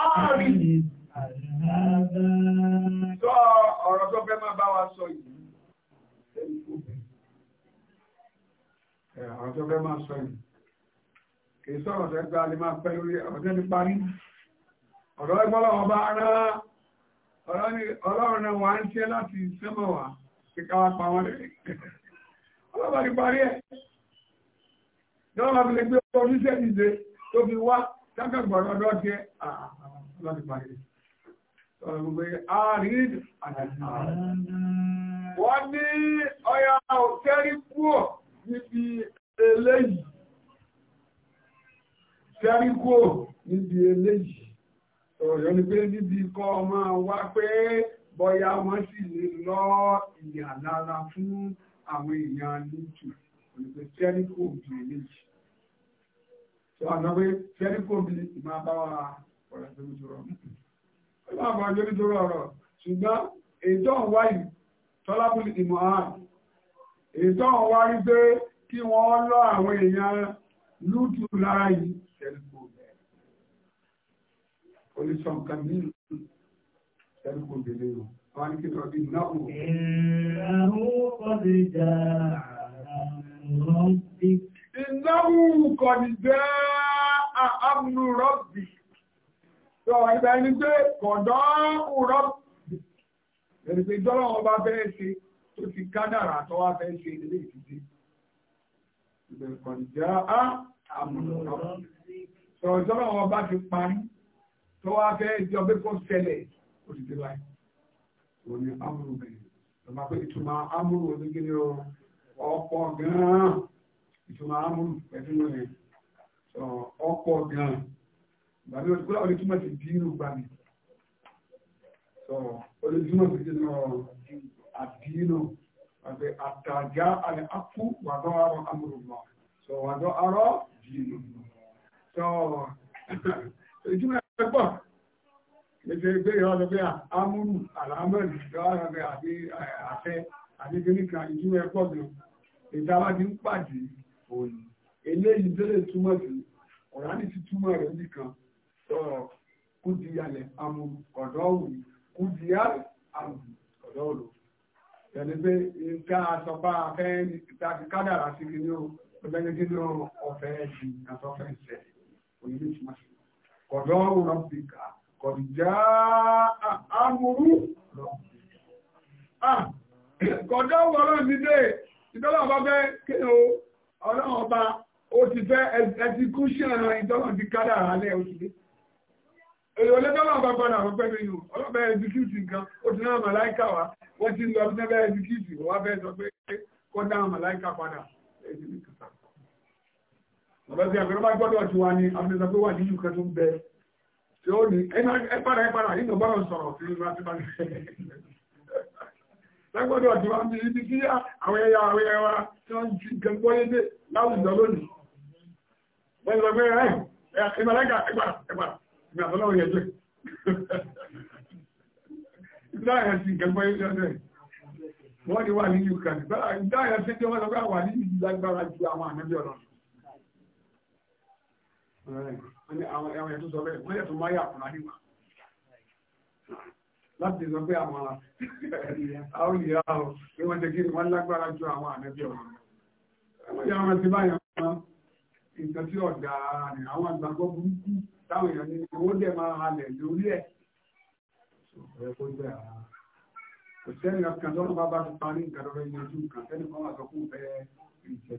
ààrin sọ ọ̀rọ̀ tó fẹ́ máa bá wa sọ yìí ọ̀rọ̀ tó fẹ́ máa sọ yìí kìí sọ̀rọ̀ tẹ́gbà lè máa pẹ́ lórí ọ̀rọ̀ tẹ́ ti parí ọ̀rọ̀ ẹgbọ́lọ́wọ́ bá rán ọlọ́run náà wà ń ṣe láti sẹ́mọ̀ wá kí ká wá pa wọn lè ọlọ́pàá ti parí ẹ̀ dọ́là fi lè gbé oníṣẹ́ ìṣe tó fi wá sákàgbọ̀rọ̀ ọdọ́ jẹ́ ah, ọlọ́pàá ti parí ẹ̀ sọ̀rọ̀ gbogbo àárín àdàdà wọ́n ní ọya òtẹ́rí kúọ̀ níbi eléyìí tẹ́rí kúọ̀ níbi eléyìí ọ̀rọ̀ ni pé níbi kọ́ máa wá pé bọ́yá wọ́n sì lè lọ ìyà lára fún àwọn èèyàn lójú òyìnbó tẹ́ríkò bí eléyìí tó àná pé tẹ́ríkò bí ìmọ̀ abáwa ọ̀rọ̀ tó ń sọ̀rọ̀ ọ̀rọ̀ àbọ̀ ọjọ́ nítorí ọ̀rọ̀ ṣùgbọ́n ètò ọ̀wáyì tọ́lábùlì ìmọ̀ ààrùn ètò ọ̀wáyì pé kí wọ́n lọ àwọn èèyàn lójú lára yìí oníṣọ́ só ní ẹ̀rù kò délé o wọ́n ní kí lọ bí náà o. ìnáwó kọ́ni jẹ́ àmúrọ́bì. ìnáwó kọ́ni jẹ́ àmúrọ́bì. sọ ìgbà ẹni pé kọ̀dọ̀ òrọ́bì. ẹni pé ìjọba wọn bá fẹ́ ṣe tó ti kádàrà tó wá fẹ́ ṣe ilé ìdíje. ìbẹ̀rù kọ́ni jẹ́ àmúrọ́bì. sọ̀rọ̀ ìjọba wọn ti parí tó wá fẹ́ di ọbẹ̀ kó ṣẹlẹ̀ ó ti dé báyìí wọ́n ní amúrú bẹ̀rẹ̀ lọ́ba pé ìtumọ̀ amúrú onígbìnrin o ọ̀pọ̀ gan-an ìtumọ̀ amúrú pẹ̀lú rẹ̀ ọ̀pọ̀ gan-an gbàmí òtúkúlá olùtúmọ̀ ti di irú gbàmí olùtúmọ̀ ti di lọ àdínú àti àtàjá àti akú wàdọ́ arọ́ amúrùmọ̀ wàdọ́ arọ́ dínú ìtumọ̀ pẹ́pọ̀ ètò ìgbé ìyọ́ lọ pé àmúrù àlámọ́lù ìjọ́rọ̀gbẹ̀ àti àfẹ́ àti gíníkà ìjú ẹ̀pọ̀ gan ìdáwà ti ń pàdé òní eléyìí tó lè túmọ̀ sí ọ̀rá ní ti túmọ̀ rẹ̀ nìkan sọ̀rọ̀ kúdìyàlẹ̀ àmúrù ọ̀dọ́ òní kúdìyàlẹ̀ àmúrù ọ̀dọ́ òní yẹni pé nta àsọpá afẹ́ ìtàkì kádàrà sí kí ní ọ̀fẹ́ kí ní ọ̀fẹ́ ẹ̀sìn àtọ́fẹ́ ìṣẹ̀lẹ̀ òní lè túmọ̀ sí kọ̀dọ̀ rọ̀bìkà kọ̀dìjá àmúrú rọ̀bìkà. kọ̀dọ̀ ọlọ́run ti dé ìtọ́lọ́ ọba fẹ́ kí o ọlọ́run ọba ó ti fẹ́ ẹtí kú ṣẹ́ra ìtọ́lọ́ ti kádà alẹ́ oṣù dé. èrò olóńtọ́lọ́ ọba padà wọ́n pẹ́ mi yù ọlọ́bẹ̀ ẹ̀díkìtì nǹkan ó ti náà màláìkà wá wọ́n ti lọ sí ẹ̀díkìtì wọ́n fẹ́ sọ pé kọ́dá màláìkà padà ẹ̀díkìtì kan bàbá sí àgbẹ̀rẹ̀ bá gbọ́dọ̀ ti wà ní abúlé pé wà ní yùkẹ tó ń bẹ tí ó ní ẹpàdà ẹpàdà nínú bá wọn sọ̀rọ̀ sí ìlú àti bá ní lágbọ́dọ̀ ti wà ní ibi kí àwọn ẹyà àwọn ẹyà wa tí wọ́n ti gẹ̀ gbọ́yé dé láwùjọ lónìí wọ́n ti sọ pé ẹ̀ ìmọ̀lẹ́gà ẹgbàrà ẹgbàrà ìgbà tó lọ́wọ́ yẹn jẹ́ ìdáyà sí ìgbẹ̀gbọ́ ilé ọ̀dẹ́ wọ́n ni wà ní yukani ìdáyà sí tí wọ́n lọ́gbà wà ní ìlágbára ju àwọn ànábí ọ̀rọ̀ wọ́n ní àwọn ẹ̀wọ̀n yẹn tó sọ bẹ́ẹ̀ wọ́n yẹ tó máa yà kùnà níwà láti sọ pé àwọn àwọn ìyá ọ̀ pé wọ́n jẹ́ kí wọ́n lágbára ju àwọn àmẹ́bí ọ̀rọ̀ ẹ̀wọ̀n yẹn wọ́n ti báyọ̀ wọn nǹkan tí ọ̀dà ni àwọn àgbàgbọ́ burúkú táwọn èèyàn ní owó dẹ̀ máa halẹ̀ lórí ẹ̀ kò sẹ́ni kan tó ń bá bá ti parí nǹkan tó fẹ́ yanjú nǹkan sẹ́ni kan wà sọ fún bẹ́ẹ̀ ìjẹ́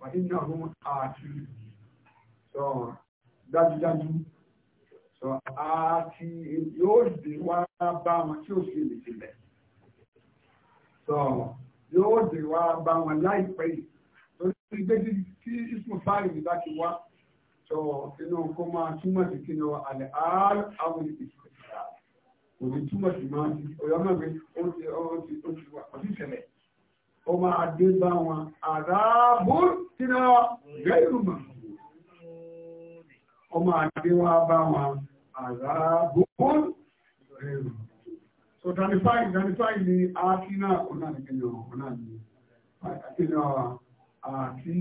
wà nínú àwọn àti sọ dájúdájú sọ àti yóò dé wá bá wọn tí ó ṣe lè sílẹ̀ sọ yóò dé wá bá wọn láìpẹ́ yìí torí gbé tí ismu fáìlì mi bá ti wá sọ inú kó máa túmọ̀ sí kí ni wọ́n àlẹ́ àárọ̀ àwọn ìgbésẹ̀ òní túmọ̀ sí máa ń ọ̀yọ́mọ̀ mi ó ti ṣẹlẹ̀ ó máa dé bá wọn àdáàbò tíná gẹ́rùmà ó máa dé wá bá wọn àdáàbò gẹ́rùmà so 35 35 ni àkínà onáàdìkẹ́nà onáàdìkẹ́nà àti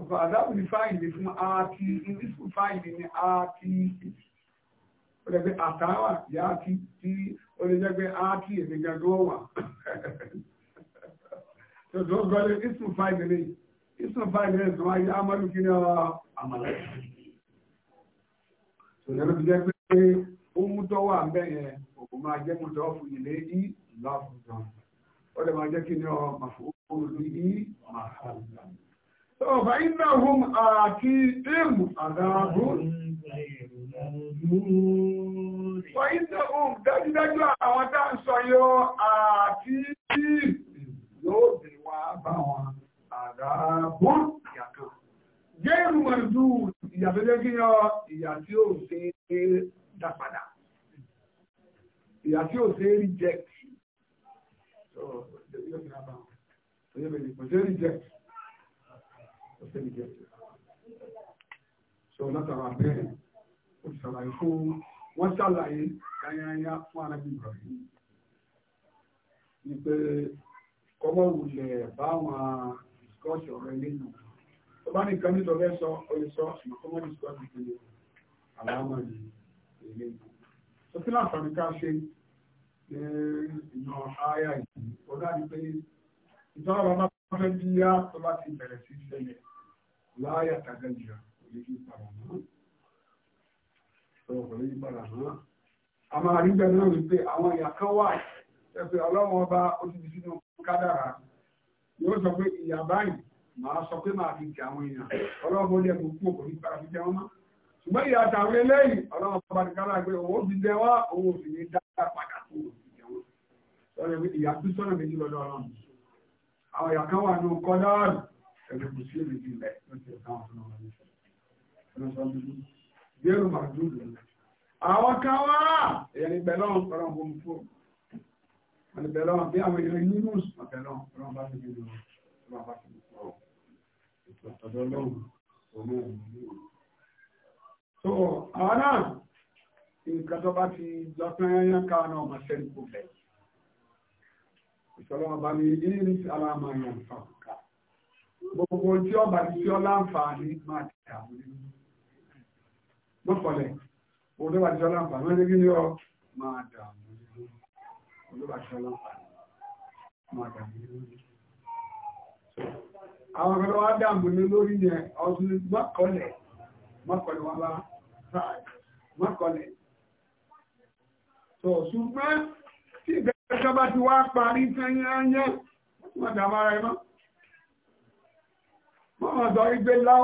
ọ̀pọ̀ àdáàbò ní fáìlì fún àti ìdísù fáìlì ní àti ó lẹ́gbẹ́ àtàwà yá àti tí ó lè jẹ́ pé àti èdè gẹ́gẹ́ wà tòtò gọ́lé ìsùn fáìlì ní ìsùn fáìlì ní ìsùn ayé amadu kí ni ọ àmàlà tòlẹ́nu ti jẹ́ pé ohun tó wà ń bẹ̀ yẹn òkú máa jẹ́ mú tọ́ fún ilé yìí lọ́fùtàn ó lè máa jẹ́ kí ni ọ màfó olùdí yìí màfàlùfà. tó bá iná hum àti èèmù àdáàbò. wọ́n iná hum dájúdájú àwọn tá sọ yọ àti yóò dé wá bá wọn àdáàbò ìyàtọ̀. géèmù mọ̀jú ìyàtọ̀jẹ́ kí yọ ìyà tí ó ṣe é dá padà ìyà tí ó ṣe é reject. Kò ṣe reject. Kò ṣe reject. Ṣé o látara bẹ́ẹ̀? Ó ṣàlàyé fún wọ́n ṣàlàyé kányányá fún arábìnrin rẹ̀. Ní pé kọ́mọ̀ wulẹ̀ báwọn discourse ọ̀rọ̀ ilé nù tó bá ní nǹkan nítorí ẹ sọ oyè sọ ṣùgbọ́n kọ́mọ̀ discourse ìpínlẹ̀ àlámọ̀ ní ilé nù tó kí láǹfààní ká ṣe ìnà àyà yìí ó dájú pé ìtọ́nà bàbá fẹ́ bí yá tó bá ti bẹ̀rẹ̀ sí ṣẹlẹ̀ láyà tàgẹ́jìrà kò lè fi padà mọ́ ọ̀rọ̀ kò lè fi padà mọ́ a máa rí bẹ́ẹ̀ náà wípé àwọn ìyà wà ẹ̀fẹ̀ ọlọ́run ọba ó ti di sínú kádàrà yóò sọ pé ìyá báyìí màá sọ pé màá fi jẹ àwọn èèyàn ọlọ́run ó lé ẹ̀kọ́ kú òkò nípa fi jẹ wọn mọ́ ṣùgbọ́n ìyá àtàwọn eléyìí ọlọ́run bá ti kádàrà pé owó fi jẹ wá owó fi ní dáadáa padà kú òkò jẹ wọn sọ̀rọ̀ ìyá tó sọ̀rọ̀ méjì lọ́dọ̀ ọlọ́run àwọn ìyá kan wà ní kọ́dáàrù ẹ̀rọ kò sí èmi ti lẹ̀ lọ́sẹ̀ táwọn fún ọmọ mi sọ̀rọ̀ àwọn kan wà èèyàn ìgbẹ́ lọ́run pẹ̀lú ọmọ mi fún àtìbẹ̀lọ́ bí àwọn èèyàn ní mùs àtẹ̀lọ́ ọlọ́run bá ti di ìlú ọlọ́run bá ti di ìlú ọ̀dọ́ lọ́wọ́ òun òun ní so àwọn náà nǹkan tó bá ti jọ pín yán ká náà máa ṣe nípò bẹ́ẹ̀. ìṣọlọ́wọ́ bá mi ní ní aláàmà yàn fàkà gbogbo tí ọba tí ọ láǹfààní máa ti dààmú nínú. mọ́kànlẹ̀ òun tó bá tí ọ láǹfààní ń àwọn ọ̀rọ̀ wá dàmù ní lórí yẹn ọdún mọ́kànlẹ̀ mọ́kànlẹ̀ wọn bá sáàdì mọ́kànlẹ̀ tó ṣùgbọ́n tí ìgbẹ́jọ́ bá ti wá parí tẹ́yìn ayẹ́ wọ́n dàmù ara ẹmọ́ wọ́n mọ̀ sọ igbe láó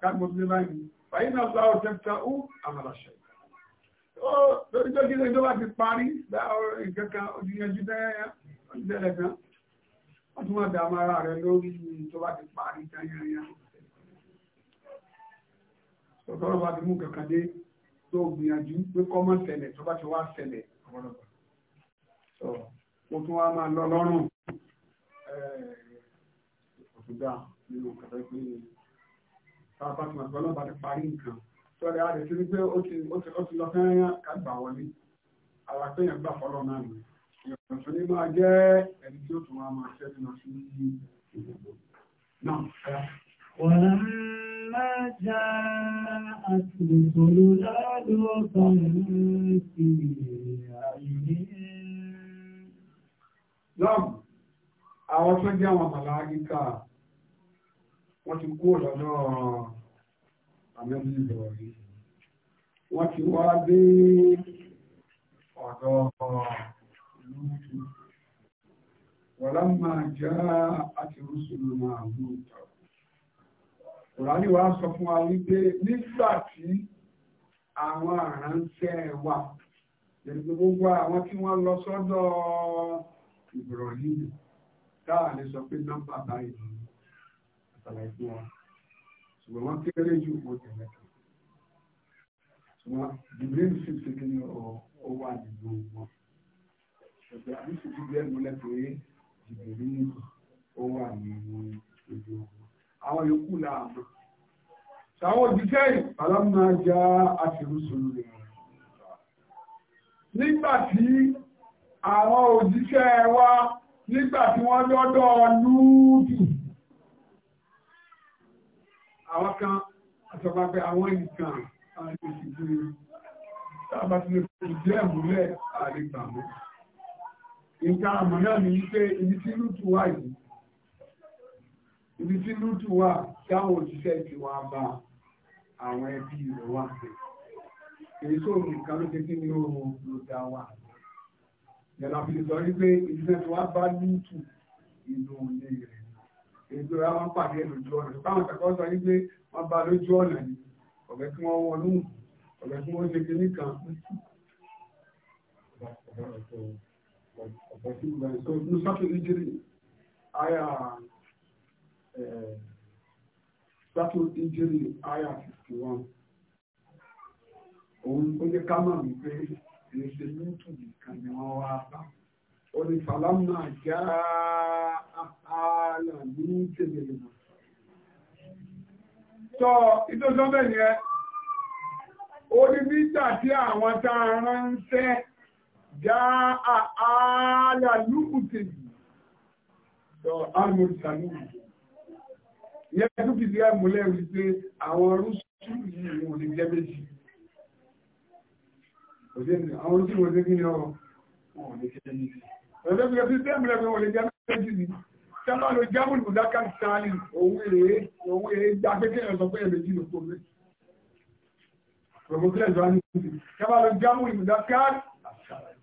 kàgbọ́n bá mi ti báyìí lórí tó kí lórí tó bá ti parí ìkẹ́kẹ́ òdìyànjú tẹ́yẹ́yẹ́ òdìyànjú kan wọ́n tún wọ́n dá ọmọ ara rẹ lórí tó bá ti parí tẹ́yẹ́yẹ́ tọ́tọ́rọ́ bá ti mú kankan dé tó gbìyànjú pé kọ́mọ̀ ṣẹlẹ̀ tó bá ti wá ṣẹlẹ̀ ọ̀pọ̀lọpọ̀ ó tún wá máa lọ lọ́rùn ọ̀tún dá nínú kàtàkì pé bá a bá ti máa gbọ́ náà ti parí nǹkan sọ̀rọ̀ a lè ti rí pé ó ti lọ fẹ́ẹ́yà kàgbà wọlé àwọn gbà fọ́lọ́ náà nù ìyọ̀n tó ní máa jẹ́ ẹni tí ó tún wá máa ṣẹ́ nínú sí ìgbòho náà ẹ̀yà. ولما جاءت رسلنا لوطا في أعينهم Lọ́mù, àwọn tó jẹ́ àwọn màláíkà, wọ́n ti kú ọ̀dọ́ náà àmẹ́bí ìbọ̀rí wọ́n ti wá dé ọ̀dọ̀ lúùtù wọ̀lá máa já àti rúṣùlù máa mú ìtọ̀ Kùránì wá sọ fún wa wípé nígbà tí àwọn àránṣẹ́ wà lẹ́nu gbogbo àwọn tí wọ́n lọ sọ́dọ̀ Ìbùrọ̀lì táà lè sọ pé nọ́mbà báyìí àtàlàyé fún ṣùgbọ́n wọ́n kéré ju owó tẹ̀lé kan ṣùgbọ́n Jibril sì ti kí ni ó wà nínú wọn ṣùgbọ́n àbísí ti bí ẹ̀mú lẹ́pẹ́ Jibril ó wà nínú ojú wọn àwọn yòókù láàmú táwọn òjíṣẹ́ ìpàlámà já àṣírùsùn rẹ̀ nígbà tí àwọn òjíṣẹ́ wa nígbà tí wọ́n lọ́dọ̀ lúùtù àwọn kan àtọ́gbà pé àwọn nǹkan àìsìnkú tàbá ti lè fi díẹ̀ múlẹ̀ àrígbàmú nǹkan àmọ́ náà ní wípé ibi tí lútù wà yìí ibi tí lútù wà táwọn òṣìṣẹ́ ti wá bá àwọn ẹbí rẹ̀ wà pé èyí tó nǹkan ló ṣe kí ní oòrùn ló dá wà yẹ̀lá fi sọ wípé ìṣẹ́ tí wá bá lútù inú ilé rẹ̀ èdè ọ̀rá wọn pàdé lójú ọ̀nà ìpáwọn ìtàkọ́ sọ wípé wọ́n bá lójú ọ̀nà ni ọ̀bẹ tí wọ́n wọnú ọ̀bẹ tí wọ́n ṣe kínní kan. ọ̀bẹ tí wọ́n sọ ní sọ́kì ìjírí àyà sọ́kì ìjírí àyà fifty one òun ó yẹ ká mọ̀ wípé èsè yóò tù nìkan ni wọ́n wá bá onífàlámà já ààlà ní tèmèrè náà tọ́ ìtọ́sọ́bẹ̀ yẹn orí mítà tí àwọn tá a ránṣẹ́ já ààlà lúkùtèmì tọ́ àmúrìsàlú yẹn tó kìí díẹ̀ múlẹ̀ wípé àwọn rúṣù yìí wọ́n lè jẹ́ méjì àwọn tí wọ́n lè kí ni ọ̀rọ̀ wọ́n lè jẹ́ ọ̀dọ́ fi fi tẹ́mù rẹ̀ wọ́n jẹ́ méjì ni tẹ́mù lọ ló kóbe ní ìdí tẹ́mù lọ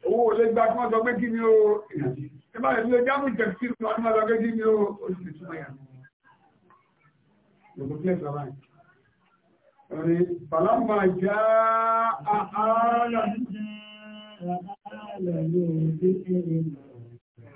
owó olè gbá kí wọ́n sọ pé kí ni ó èrè tẹ́mù lọ jábùn tẹ̀sí wọn ni wọ́n sọ kí ni ó oṣù tó yà gbogbo kílẹ̀ ìjọba ní Ọ̀rẹ́ Bàlámà já àárẹ̀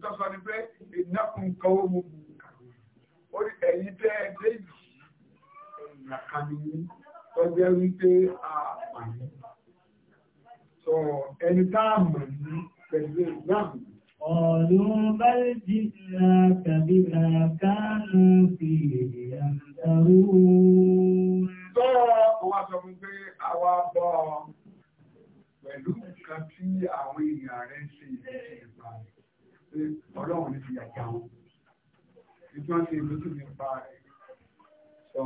ìtọ́sọ ni pé ìnákùn kan ó mú un ó ní ẹ̀yìn tẹ́ ẹ dé yìí ẹ̀yìn àkànní tó jẹ́ wípé àpàní sọ ẹni tá a mọ̀ ní pẹ̀lú ìgbàmù. Ọ̀rọ̀ bẹ́ẹ̀ jí ìlà tàbí àkánú fi àǹtarú. Sọ́ọ̀ wọ́n á sọ fún pé àwa bọ̀ pẹ̀lú nǹkan tí àwọn èèyàn rẹ̀ ṣe ìbàdàn ọlọ́run ní fi yàjà wọn ìjọ ṣe ìlójú nípa rẹ̀ sọ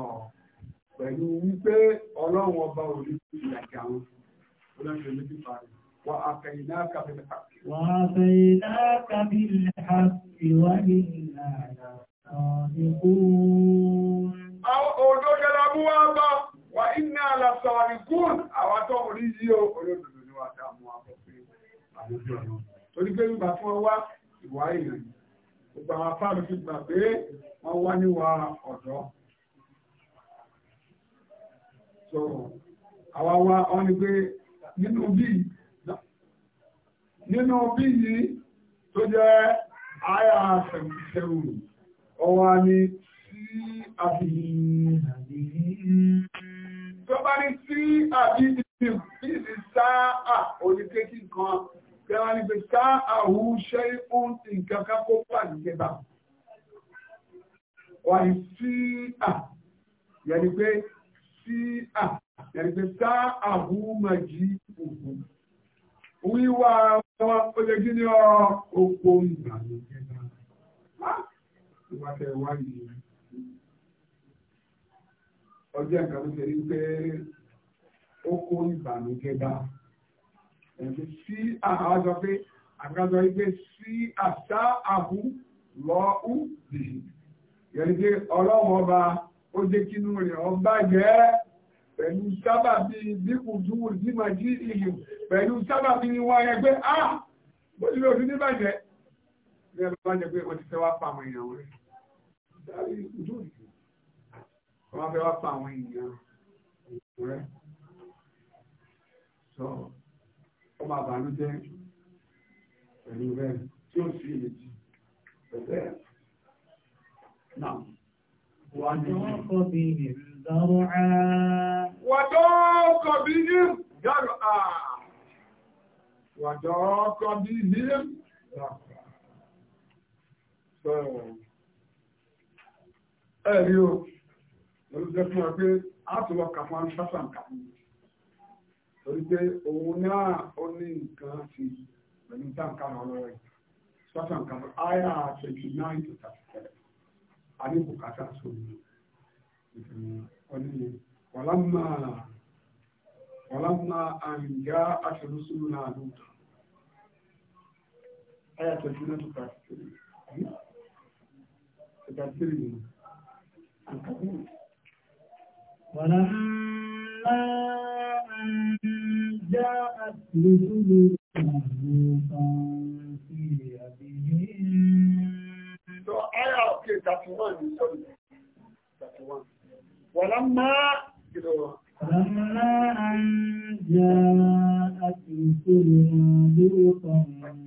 pẹ̀lú wípé ọlọ́run ọba ò ní fi yàjà wọn ọlọ́run ṣe ìlójú nípa rẹ̀ wà á fẹ̀yìn náà kábílì àti. wà á fẹ̀yìn náà kábílì àti wà ní ìlànà ọ̀dẹ̀kùn. àwọn òdòdó làbú bá wà iná àlàsọ̀ àríkùn àwọn tó orí yí o olódodo ni wà á dá mú wa pé àwọn ojú torí pé nígbà fún ọ wá ìwà èèyàn gbogbo àwọn afáàlú fi gbà pé wọ́n wá níwà ọ̀dọ́ so àwa wa wọ́n ní pé nínú bí nínú bí yìí tó jẹ́ àyà sẹ̀wù ọwọ́ ni sí àbí tó bá ní sí àbí àhúṣẹ́ oúnjẹ nǹkan ká kó bàjẹ́ bá wà ní sí à yẹni pé sí à yẹni pé tá àhúmọ̀jì òkú wíwá wọn ó lè kí ní ọ oko ìgbàlódé náà ìwà tẹ wá yìí ọjọ́ nǹkan tó ṣe rí pé ó kó ìbànújẹ́ bá ẹ̀sìn sí àwọn àjọ pé àgbàdo ẹgbẹ́ sí àṣà àhú lọ́ọ́ bìí yẹni pé ọlọ́wọ́ ọba ó jẹ́ kínú rẹ̀ ọba jẹ́ pẹ̀lú sábàbí dínkù dúró dímọ̀ jí ìlú pẹ̀lú sábàbí ni wọ́n yẹ pé á bó ti lè òfin ní bàjẹ́ ní ẹ̀rọ bá jẹ́ pé wọ́n ti fẹ́ wá pa àwọn èèyàn rẹ̀ dárí ìdúró ìlú wọ́n fẹ́ wá pa àwọn èèyàn rẹ̀ sọ ọba àbánújẹ́ pẹ̀lú rẹ̀ tí ó sì lè jì pẹ̀lẹ́. Náà, wà ní ọkọ̀ bí i ìdánwò ààrẹ. Wà tó ọkọ̀ bí i ìdánwò ààrẹ. Wà tó ọkọ̀ bí i ìdánwò ààrẹ. Ẹ̀rí o, olùjẹ́ fún ọ pé a tó lọ kàfún àrùn sásà nǹkan. Torí pé òun náà ó ní nǹkan sí i. pẹ̀lú táǹkà máa lọ́wọ́ yìí sọ́tàn kan twenty nine to thirty seven adébùkátà sórí ọdún wàlámà wàlámà àǹjá àtẹnusúrù náà lóòótọ́ áyà twenty nine to thirty three thirty three ولما جاءت رسلنا So ayah okay, that's one, sorry. That's one. ولما فلما أن جاءت رسلنا لوطا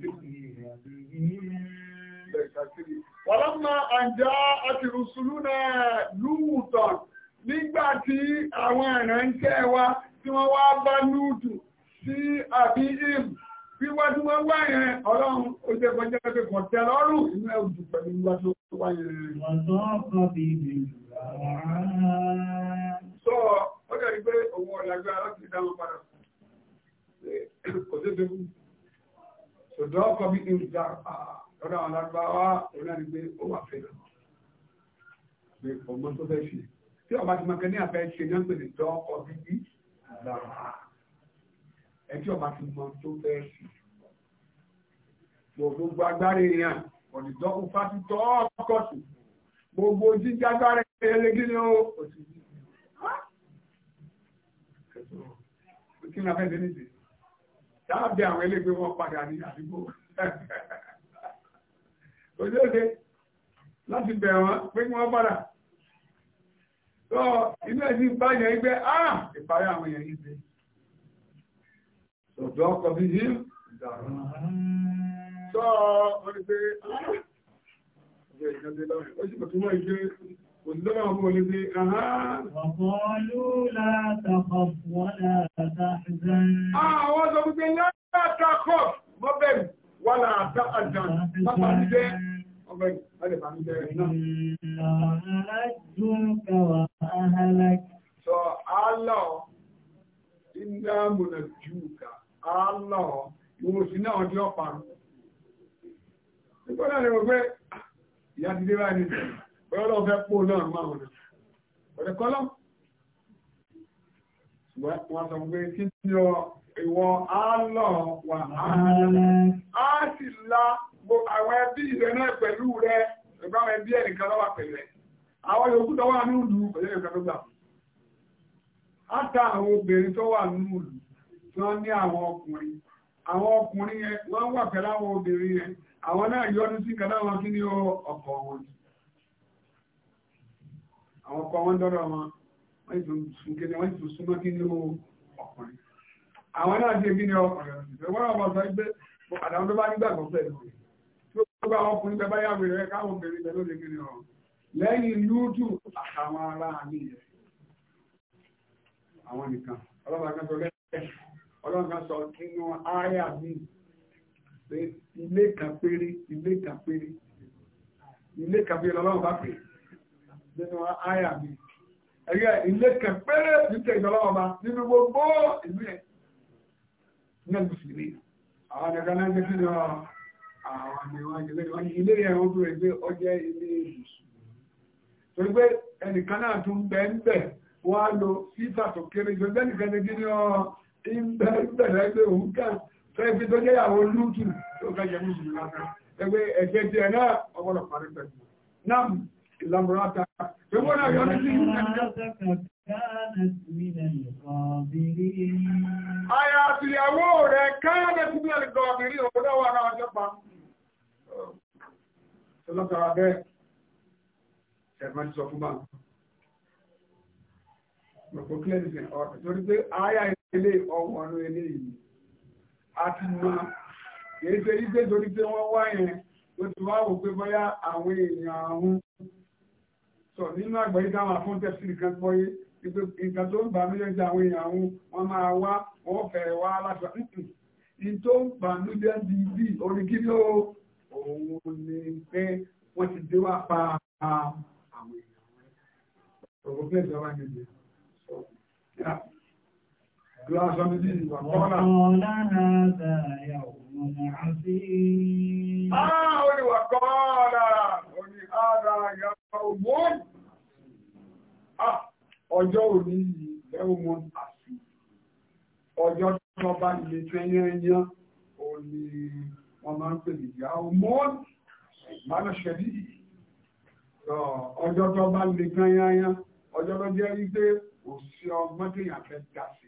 ولما أن جاءت رسلنا wa tí wọ́n wá bá lúùtù sí àbí ìmù wíwájú wọn wá yẹn ọlọ́run ó jẹ́ kọjá pé kàn tẹ́ lọ́rùn inú ẹ̀ òjò pẹ̀lú wíwájú tó wá yẹn rẹ̀. wọ́n tó kàn bí ibi ìjùlá sọ ó dẹ̀ rí pé òun ọ̀làgbé aláti dá wọn padà kò tó tó kú ṣòdọ́ ọkọ̀ bí ìjùlá lọ́dọ̀ àwọn alágbáwá òun náà rí pé ó wà fẹ́ lọ pé ọmọ tó fẹ́ ṣe tí ọba ti máa kẹ́ ní àfẹ́ ṣe náà pè ní ọkọ̀ bí ìjùlá ẹjọ́ bá ti mọ tó bẹ́ẹ̀ sí gbogbo agbára èèyàn ọ̀nìdọ́kùn fásitọ́ ọkọ̀tù gbogbo jíjágbára ẹlẹ́gí ni ó òsì yìí kí ni abẹ́lé níbi dáàbí àwọn ẹlẹ́gbẹ́ wọn padà ní àdúgbò òṣèlè láti bẹ̀ wọ́n pé kí wọ́n padà tó inú ẹ̀sìn bá yẹn gbé ah ìparí àwọn èèyàn yìí òjò ọkọ̀ bí yí sọ orí pé ah! ó sì pẹ̀tù mọ́ ìgbé òṣìṣẹ́ ọmọ orí pé ahán àwọn ọjọ́ gbogbo látàkọ̀ mọ́bẹ̀rù wà láàtà àjà pápá nígbẹ́ ọgbẹ̀rù alẹ́bàá nígbẹ̀rẹ̀ náà Sọ Allah, iná múnà jùúkà àálọ̀ ìwọ̀n sí náà ọdí ọ̀pá nígbọ́n náà lè wọ́n pé ìyá ti dé báyìí bọ́yọ́ lọ́wọ́ fẹ́ pò náà máa wọn ọ̀dẹ̀ kọ́lọ́ wọ́n sọ pé kí ni ọ ìwọ àálọ̀ wà á sì la àwọn ẹbí rẹ náà pẹ̀lú rẹ ẹgbẹ́ àwọn ẹbí ẹnìkan lọ́wọ́ pẹ̀lẹ́ àwọn yòókù tó wà ní ìlú pẹ̀lú ẹnìkan tó gbà á ta àwọn obìnrin tó wà ní ìlú tí ní àwọn ọkùnrin àwọn ọkùnrin yẹn wọ́n wà pẹ̀lú àwọn obìnrin yẹn àwọn náà yọnu sí wọn kí ni ọkọ wọn àwọn ọkọ wọn dọ́dọ̀ wọn wọ́n ti sùn kí ni wọ́n ti súnmọ́ kí ni ọkùnrin àwọn náà kí ni ọkùnrin àdàwọn tó bá tó bá ọkùnrin bá yàwó káwọn obìnrin ló lè kí ni àwọn ọlọ́run sọ nínú àyà mi pé ilé kan ilé kan ilé kan péré bá pè nínú àyà mi ẹ̀yẹ ilé kan péré nítorí bá nínú gbogbo ìlú yẹn náà ló rí àwọn ẹ̀ka ní kíni ọ àwọn ilé yẹn wọn bẹ̀rẹ̀ pé ọjọ́ ilé ìbùsùn torí ẹnìkan náà tún bẹ́ẹ̀ ń wọ́n á lo fífà tó kéré jọ bẹ́ẹ̀ ní kíni ìbẹ̀rẹ̀ pé òun kàn fẹ́ẹ̀fẹ́ tó jẹ́ àwọn lútù tó ká jẹ́ mùsùlùmí lásán ẹgbẹ́ ẹgbẹ́ tiẹ̀ náà ọgbọ́dọ̀ parí pẹ̀lú náà ìlàmùrọ̀ àtà gbogbo náà yọ ní sí àyà àtìyàwó rẹ̀ káyọ̀dẹ̀ tí bí ẹ̀lẹ́gọ̀ ọ̀bìnrí òun náà ilé ọwọ́nú ilé yìí àti mọ́ èyí tó yígbé torí pé wọ́n wá yẹn ló ti wá wò pé bóyá àwọn èèyàn àwọn sọ nínú àgbáyé táwọn afúntẹ́sì nìkan pọ́ yé nǹkan tó ń bà mí lẹ́jọ́ àwọn èèyàn àwọn wọn máa wá wọ́n fẹ́ wá láti wá ní tó ń bà mí lẹ́jọ́ di orin kí ló òun ni pé wọ́n ti dé wá pa àwọn èèyàn rẹ̀ ọ̀rọ̀ bẹ́ẹ̀ jọba nìyẹn. Ọjọ́ òní yìí ẹwọ́mọ àti ọjọ́ tó bá ilé tó yẹ́yẹ́ òní wọ́n máa ń pè ní ìyá ọmọ ìgbàlẹ̀ ṣẹ̀dí ọjọ́ tó bá ilé tó yẹ́yẹ́ ọjọ́ tó jẹ́ wípé òsì ọgbọ́n tèèyàn fẹ́ dá sí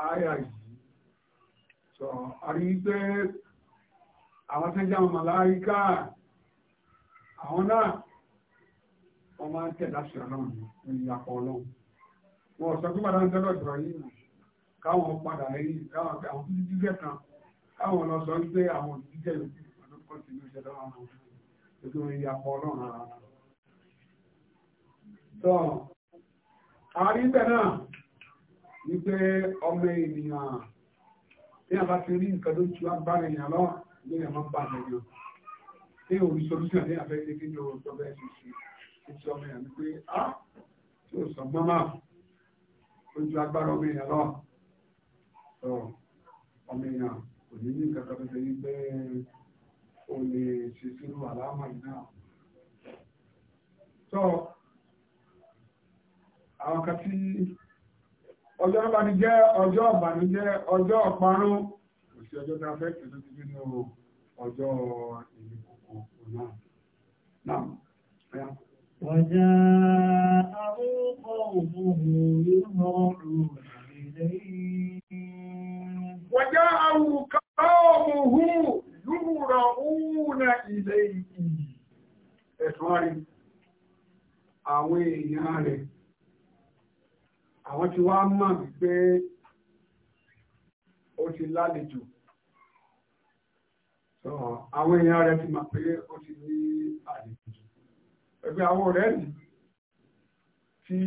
ààyà yìí sọ àrí pé àwọn tẹ́jà màláíkà àwọn ma wọ́n máa ń tẹ̀lá sí ọlọ́run ìyàpọ̀ padà ń tẹ́lọ̀ káwọn padà lẹ́yìn káwọn àwọn títí kan káwọn lọ sọ pé àwọn jíjẹ́ lójú ọdún kan sí ní ìṣẹ̀lẹ̀ ọ̀run lójú ìyàpọ̀ ara náà wípé ọmọ ènìyàn tí a bá ti rí nǹkan tó ju agbára èèyàn lọ ní ẹ̀mọ́ bá lẹ́yìn tí ò rí solúsàn ní àfẹ́ ṣe kí ní ọ̀rọ̀ tọ́bẹ̀ ṣe ṣe ṣe ṣe ọmọ èèyàn wípé á tí ò sọ gbọ́n máa tó ju agbára ọmọ èèyàn lọ sọ ọmọ èèyàn kò ní ní nǹkan kan tó ṣe pé ó lè ṣe sínú àlámà náà sọ àwọn kan tí ọjọ́ ìbànújẹ́ ọjọ́ ìbànújẹ́ ọjọ́ ọ̀parun kò sí ọjọ́ tá a fẹ́ kí nínú ọjọ́ ìlú kòkó náà. Náà, ẹ̀yà. وجاءه قومه يهرعون إليه وجاءه قومه يهرعون rí àwọn èèyàn rẹ̀ àwọn tí wá mọ̀ wípé ó ti lálejò àwọn èèyàn rẹ̀ ti mọ̀ pé ó ti ní àlejò ẹgbẹ́ àwọn ọ̀rẹ́ rí tí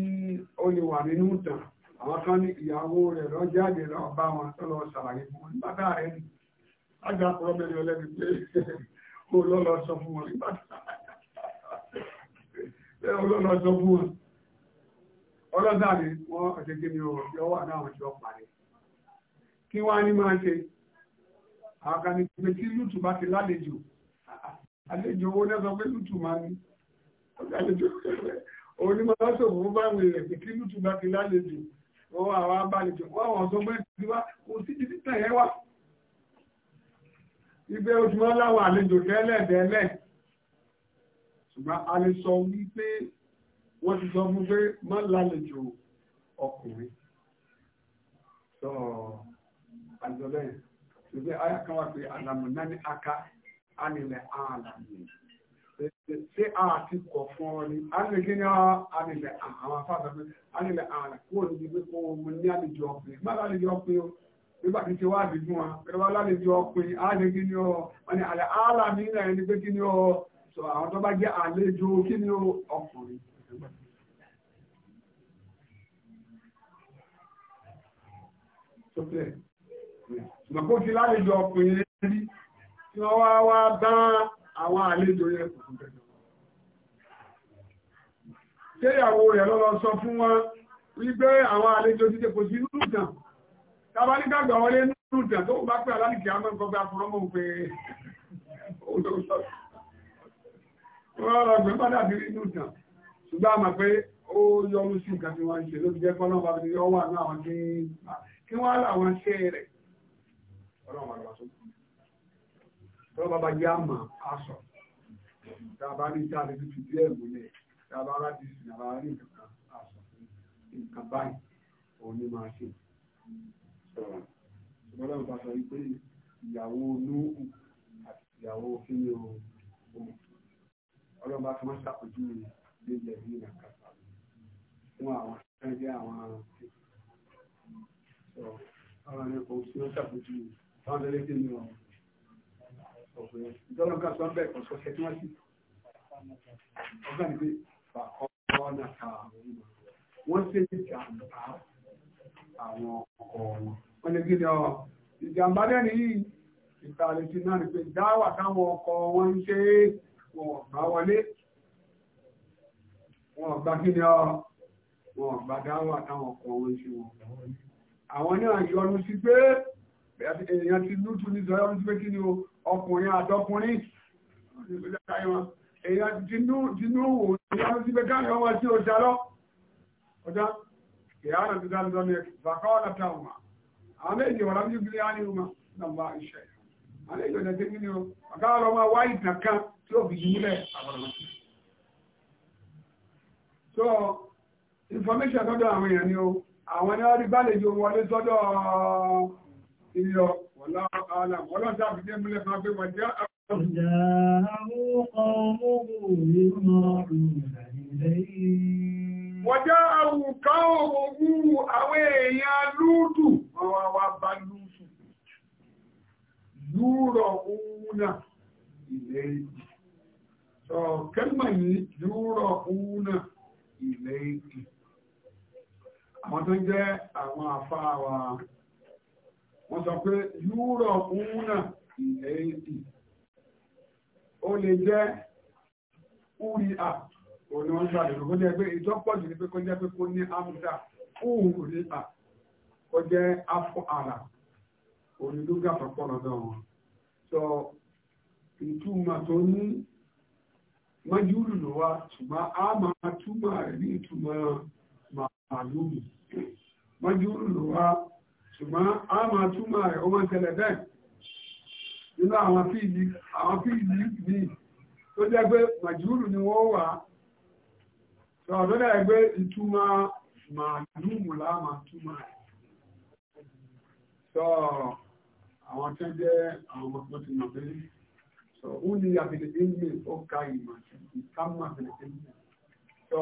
ó lè wà nínú ìtàn àwọn kan ní ìyàwó rẹ̀ lọ jáde lọ bá wọn tó lọ ṣàlàyé fún wọn nígbà tá rẹ̀ rí ágbà pọ́lọ́mẹ́rin ọlẹ́ni pé ó lọ́lọ́ sọ fún wọn nígbà tá rẹ̀ rí ó lọ́lọ́ sọ fún wọn ọlọ́gbà mi wọ́n ọ̀sẹ̀ gbé mi ọ̀rọ̀ lọ́wọ́ àdáwọn tí wọ́n parí kí wọ́n á ní máa ṣe àkànìpé tí lùtù bá ti lálejò àlejò owó náà sọ pé lùtù máa ní àlejò òun ni máa sọ̀rọ̀ fún báwọn èèyàn pé tí lùtù bá ti lálejò wọ́n wà wá bálejò wọ́n wọ́n sọ pé tí wá kò sí ti títà yẹn wá. ibẹ̀ oṣù mọ́ láwọn àlejò tẹ́lẹ̀ tẹ́lẹ̀ ṣùgbọ́n a sọ wípé wọ́n ti sọ fún pé má lálejò ọkùnrin sọ àjọlẹ̀ ṣùgbọ́n àyà pé àlàmù náà ní aka ánilẹ̀ àlàmù ṣé a ti kọ̀ fún ọ ni ánilẹ̀ kí ni ánilẹ̀ àwọn afáfẹ́ pé ánilẹ̀ àlà kúrò níbi pé kó o mú ní àlejò ọkùnrin má lálejò ọkùnrin o nígbà tí ti wá àdìgún wa pẹ̀lú wa lálejò ọkùnrin ánilẹ̀ kí ni ọ wọn ni àlàmù náà ẹni pé kí ni ọ sọ àwọn tó bá jẹ́ àlejò kí ni ọkùnrin. sókè ṣùgbọ́n kó ti lálejò ọkùnrin rí tí wọ́n wá wá bá àwọn àlejò yẹn kò fún bẹ́ẹ̀. Téyàwó rẹ̀ lọ́lọ́ sọ fún wọn wípé àwọn àlejò ti dẹ̀kọ̀ sí inú ìtàn. Tábánígbàgbà wọlé inú ìtàn tó bá pẹ́ aláìkí àmọ́ nǹkan bá fọ́nrán mọ́ pé wọ́n lọ gbé padà sí inú ìtàn. Ṣùgbọ́n àmọ̀ pé ó yọrù sí nǹkan tí wọ́n ń ṣe ló fi jẹ́ kọ́nà bá kí wọ́n láwọn ṣe rẹ̀ ọlọ́run àlọ́wà tó kù tọ́lọ́ bàbá yá mà á sọ tàbá ní tá a lè fi bí ẹ̀ múlẹ̀ tàbá láti sìn àbá rí nǹkan á sọ nǹkan ìyàwó núhù àti o ọlọ́run bá fi wọ́n ṣàpèjúwe nílẹ̀ ní ìlànà kàtàkì fún àwọn ẹgbẹ́ àwọn ara rẹ̀ kò sí ó ṣàkóso àwọn ẹlẹ́tì ní ọ̀rọ̀ ọ̀pẹ ìjọba ká sọ bẹ́ẹ̀ kọ̀ sọ ẹtí wọ́n sì ọgbà ní pé bàkọ́ ọ̀nà ká wọ́n ṣe ìjàmbá àwọn ọkọ̀ wọn wọ́n lè gbé ní ọ ìjàmbá lẹ́nu yìí ìtàlẹ̀ ti náà ni pé dáwà táwọn ọkọ̀ wọn ń ṣe wọn ọ̀gbá wọlé wọn ọ̀gbá kí ni ọ wọn ọ̀gbá dáwà táwọn ọkọ̀ wọn ń ṣe wọn ọ̀gbá wọlé àwọn náà yọnu sí pé èèyàn ti lútu ní sọ yọnu sí pé kí ni ọkùnrin àtọkùnrin èèyàn ti nú wò yọnu sí pé káàkiri ọmọ tí ó jalọ ọjọ́ ìyá náà ti dáadọ́ ní ẹ̀kọ́ ọ̀nà táwọn àwọn méjì wọ̀n láti gbé á ní ọmọ náà bá iṣẹ́ àwọn èèyàn náà ti kí ni ọ̀gá ọlọ́mọ wá ìtàn tí ó fi jùmúlẹ̀ àwọn ọ̀nà so information tọ́jú àwọn èèyàn ni ó àwọn ẹni wọ́n rí gbàlejò wọlé sọ́dọ̀ ìyọ̀ wọ́lá ààlà ọlọ́dà àbídé múlẹ̀ máa gbé wọ́n jẹ́ àwọn ọmọ òun tó jẹ́ àwọn àfáà wa wọ́n sọ pé yúrọ̀ múnà ilẹ̀ èdè ó lè jẹ́ uri a òní wọ́n sọ kó jẹ́ pé ìjọpọ̀jù ní pé kó jẹ́ pé kó ní amúdá uri a kó jẹ́ afọ ara òní pọ̀pọ̀ lọ́dọ̀ wọn sọ ìtumọ̀ tó ní májúlù lọ́wọ́ ṣùgbọ́n a máa túmọ̀ rẹ̀ ní ìtumọ̀ màálùmù mọ́jú lò wá ṣùgbọ́n a máa túmọ̀ rẹ̀ ó máa tẹ̀lẹ̀ bẹ́ẹ̀ nínú àwọn fíìlì àwọn fíìlì míì tó jẹ́ pé màjúrù ni wọ́n wà sọ̀rọ̀ dẹ́ pé ìtumọ̀ màdúmù la máa túmọ̀ rẹ̀ sọ àwọn tó jẹ́ àwọn ọmọ tó mọ̀ bẹ́ẹ̀ sọ ó ní àbẹ̀lẹ̀ ẹ̀mí ó ka ìmọ̀ ìkámọ̀ àbẹ̀lẹ̀ ẹ̀mí sọ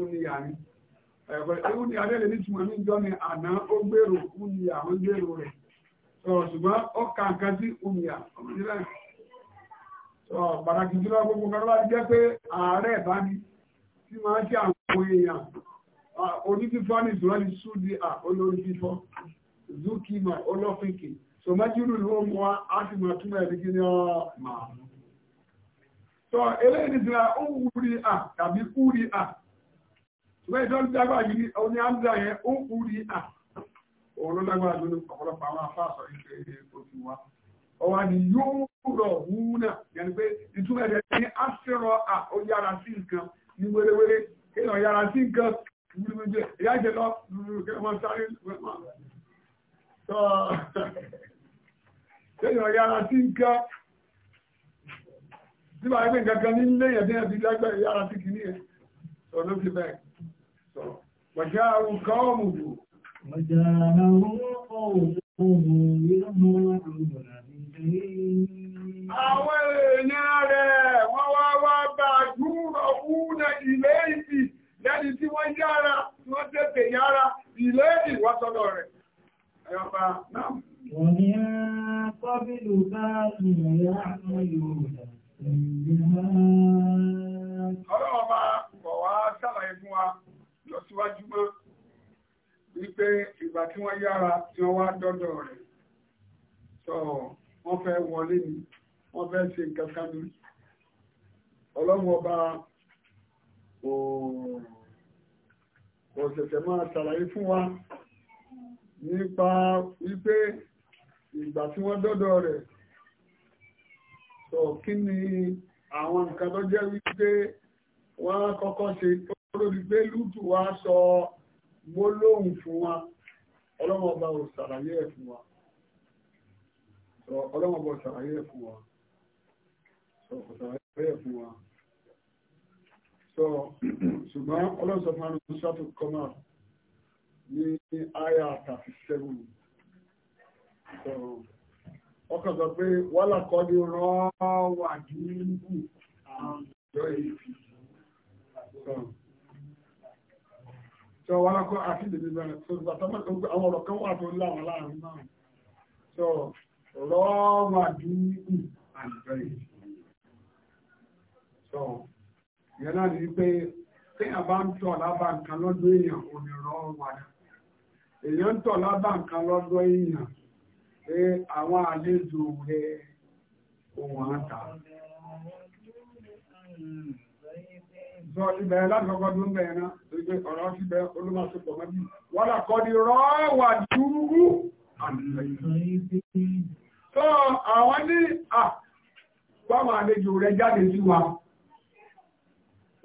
ó ní àríkú ẹ̀kọ́ ní adẹ́lẹ̀ ní tìmọ̀ ní ìjọ ni àná ó gbèrò omiya àwọn gbèrò rẹ̀ ṣùgbọ́n ó ka nǹkan sí omiya ọmọdéláì pàtàkì jùlọ gbogbo kọ́lá jẹ́ pé ààrẹ bá ní tí máa ṣe àwọn èèyàn onífífọ́ ní ìṣúná ní à olórí fífọ́ zukima olófìkì sọmájúlù ló ń wá á sì máa túmọ̀ ẹ̀rí kí ni ọ màá. sọ eléyìí ti ra ó wúri à tàbí kúri à ṣùgbọ́n ìjọ ní dágbà yìí òun ni amúdá yẹn ó kú rí à òun ló lágbára ló ní ọ̀pọ̀lọpọ̀ àwọn afáàsọ ìṣe oṣù wa ọ̀wà ni yóò rọ̀ wúnà yẹn pé ìtumọ̀ ẹ̀rẹ́ ní àṣírọ̀ à ó yára sí nǹkan ní wérewére kéèyàn yára sí nǹkan gbúgbúgbé ìyá ìjẹ lọ kéèyàn máa sáré kéèyàn yára sí nǹkan tí bàbá ẹgbẹ́ nǹkan kan ní ilé yẹn yára sí kìíní ọ̀nà fi bẹ́ẹ̀ wàjá àwọn kan ọmọ òwò àwọn èèyàn rẹ̀ wọ́n wá wá bá gbúrọ̀ fún ilé ìfì lẹ́ni tí wọ́n yára wọ́n tètè yára ilé ìwọ́sọ́lọ̀ rẹ̀ ẹ̀yọ́pá náà wọ́n ni a kọ́bílù bá ìrìnlẹ̀ àwọn Yorùbá ìrìnlẹ̀ síwájú mọ́ wípé ìgbà tí wọ́n yára tí wọ́n wá dọ́dọ̀ rẹ̀ sọ wọ́n fẹ́ wọlé ni wọ́n fẹ́ ṣe nǹkan kan ní ọlọ́run ọba kò ṣẹ̀ṣẹ̀ máa ṣàlàyé fún wa nípa wípé ìgbà tí wọ́n dọ́dọ̀ rẹ̀ sọ kí ni àwọn nǹkan tó jẹ́ wípé wọ́n kọ́kọ́ ṣe tó olùgbé lútù wá sọ gbólóhùn fún wa ọlọ́mọba ò ṣàlàyé ẹ̀ fún wa ọlọ́mọba ò ṣàlàyé ẹ̀ fún wa ò ṣàlàyé ẹ̀ fún wa sọ ṣùgbọ́n ọlọ́sọ̀fánà ṣàtò kọ́mà ní àyà àtàfi sẹ́gun ọkàn sọ pé wọ́lá kọ́ ní rán wà ní ìlú àwọn ìjọ ìfì tó wọ́n lọ́kọ́ àkílè mi bẹ̀rẹ̀ tó gbà tọ́mọ̀ tó gbé àwọn ọ̀rọ̀ kan wà tó láwọn láàrin náà tó rọ́ọ̀mà dúkù àìbẹ̀rẹ̀ tó yẹn náà ní pé téèyàn bá ń tọ̀ lábà nǹkan lọ́dọ̀ èèyàn ò ní rọ́ọ̀mà dá èèyàn ń tọ̀ lábà nǹkan lọ́dọ̀ èèyàn pé àwọn àlejò sọ ibẹ̀ látọ̀kọ́ tó ń bẹ̀rẹ̀ náà tó gbé ọ̀rọ̀ sí bẹ olúmọ̀sọ̀pọ̀ mọ́bí wọ́n làkọ́ di rọ́wà dúró tó àwọn ní àpamọ́ àlejò rẹ̀ jáde sí wa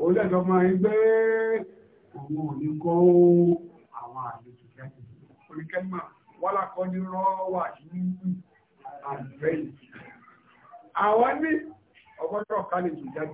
olẹ́dọ̀ máa gbé òun ò ní àwọn àlejò jáde oníkẹ́mà àwọn ní kálejò jáde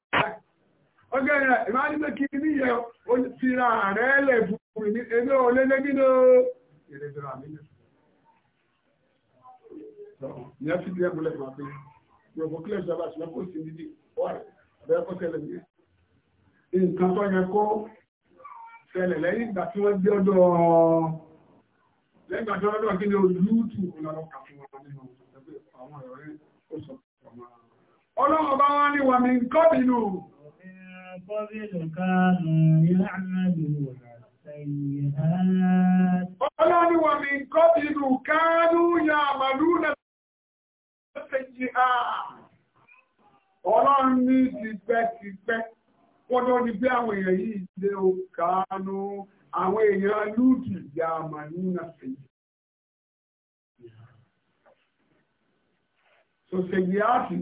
ọgẹ́ rẹ̀ ìmáàlùmẹ́ kí ní yẹ fira rẹ̀ lẹ̀ fún mi ẹgbẹ́ olélé gínú ìrẹ́dọ̀rọ̀ àmì ní ẹ fi di ẹgbẹ́lẹ̀ fún àpé yọ̀bọ̀ kílẹ̀ ìjọba àti lọ́kọ̀ sí níbi ọ̀rẹ́kọ̀ tẹ̀lẹ̀ ní nǹkan tó yẹ kó tẹ̀lẹ̀ lẹ́yìn ìgbà tí wọ́n dé ọ̀dọ̀ lẹ́yìn ìgbà tí wọ́n dọ̀ kí ni olùtù ìlànà kà fún wọn nínú àwọn ọ̀rẹ́ ó sọ ọlọ́run ọba wọn ni wà mí nǹkan bínú قبل ọlọ́ni wà ní kọ́bìnù káánú ya àmàlúnà ṣèjì àà ọlọ́run ní tipẹ́tipẹ́ kọ́dọ̀ ní bí àwọn èèyàn yìí lé o káánú ya sì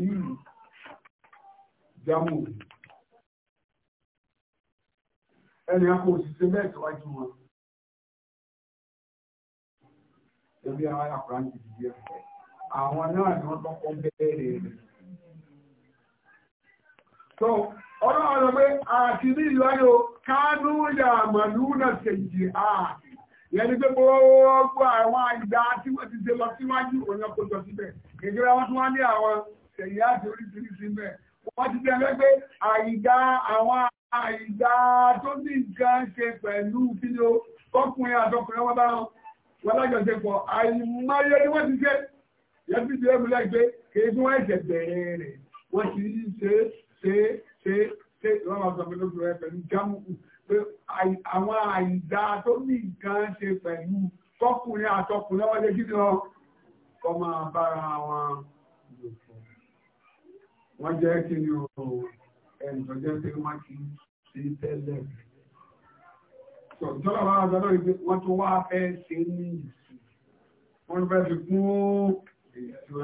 jámù rẹ̀ ẹni akọ òṣìṣẹ́ bẹ́ẹ̀ tọ́wájú wọn ẹbí àwọn àkùrán ti dìde ẹ̀ àwọn náà ni wọ́n tọ́kọ́ bẹ́ẹ̀ rẹ̀ so ọ̀rọ̀ ọ̀rọ̀ pé àti ní ìlú ayò kánú ìyàmọ̀lú náà ṣèjì ààtì yẹni pé gbogbo àwọn ìgbà tí wọ́n ti ṣe lọ síwájú òun kò jọ síbẹ̀ kékeré wọn tún wá ní àwọn ṣèyí àti oríṣiríṣi bẹ́ẹ̀ wọ́n ti tẹ́lẹ̀ pé àìdá àwọn àìdá tó ní nǹkan ṣe pẹ̀lú kí ni ó kọkùnrin àtọkùnrin wọn bá wọn lájọṣepọ̀ àìmáyé ni wọ́n ti ṣe yẹtí ti ẹ̀mú lẹ́gbẹ́ kí ni wọ́n ẹ̀jẹ̀ bẹ̀rẹ̀ rẹ̀ wọ́n ti ń ṣe ṣe ṣe ṣe ìwọ́n máa sọ pé lóṣù rẹ̀ pẹ̀lú jámù pé àwọn àìdá tó ní nǹkan ṣe pẹ̀lú kọkùnrin àtọkùnrin wọn ṣe kí ni ó kọ́ máa bára wọn lò fún wọn jẹ́ kí ni ó ẹ̀ǹtọ́jẹ́ pé wọ́n ti ṣe tẹ́lẹ̀. Ìjọba àwọn àjọ́lọ́ ìgbé wọ́n tó wá fẹ́ ṣe ní ìsìn. Wọ́n fẹ́ fi kún èyí tí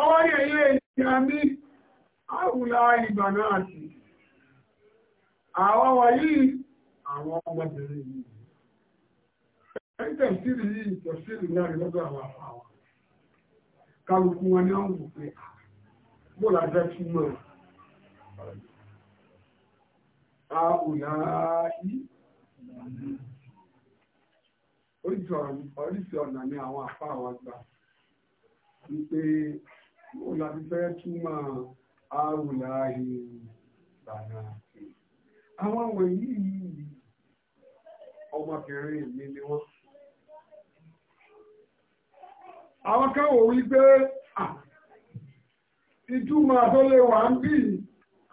Ọwọ́ ní ilé ìjìyà ní àwùlá ìgbàna àti àwọn wọ̀nyí àwọn ọmọbìnrin yìí. Ẹni tẹ̀síìrì yìí tẹ̀síìrì láàrin lọ́dọ̀ àwọn àfàwà. Kálukú wọn ni wọ́n wù pé bóòlà jẹ́ túmọ̀ àwùlá ìgbàna oríṣi ọ̀nà ni àwọn àfáà wa gbà wípé ó láti fẹ́ túmọ̀ àwòláhì bàná. Àwọn wọ̀nyí yìí ọmọbìnrin mi ni wọ́n. Àwọn káwọ̀ wípé ìtumọ̀ tó lè wà ń bí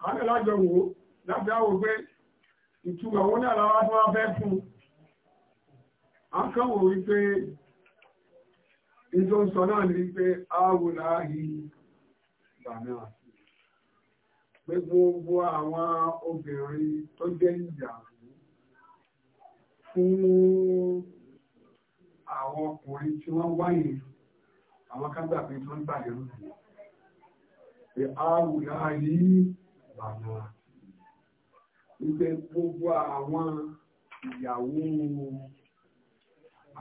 àwọn ìlàjọ wò láti àwọ̀ pé ìtumọ̀ wọn ní àlàáfíà fẹ́ fún. Àwọn káwọ̀ wípé ní tó ń sọ náà ní pé áwùláhì bàmí àti pé gbogbo àwọn obìnrin tó jẹ́ ìyàwó fún àwọn ọkùnrin tí wọ́n wáyé àwọn kágbà pé tó ń gbàdé rúdù pé áwùláhì bàmí àti wípé gbogbo àwọn ìyàwó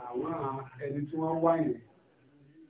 àwọn ẹni tí wọ́n wáyé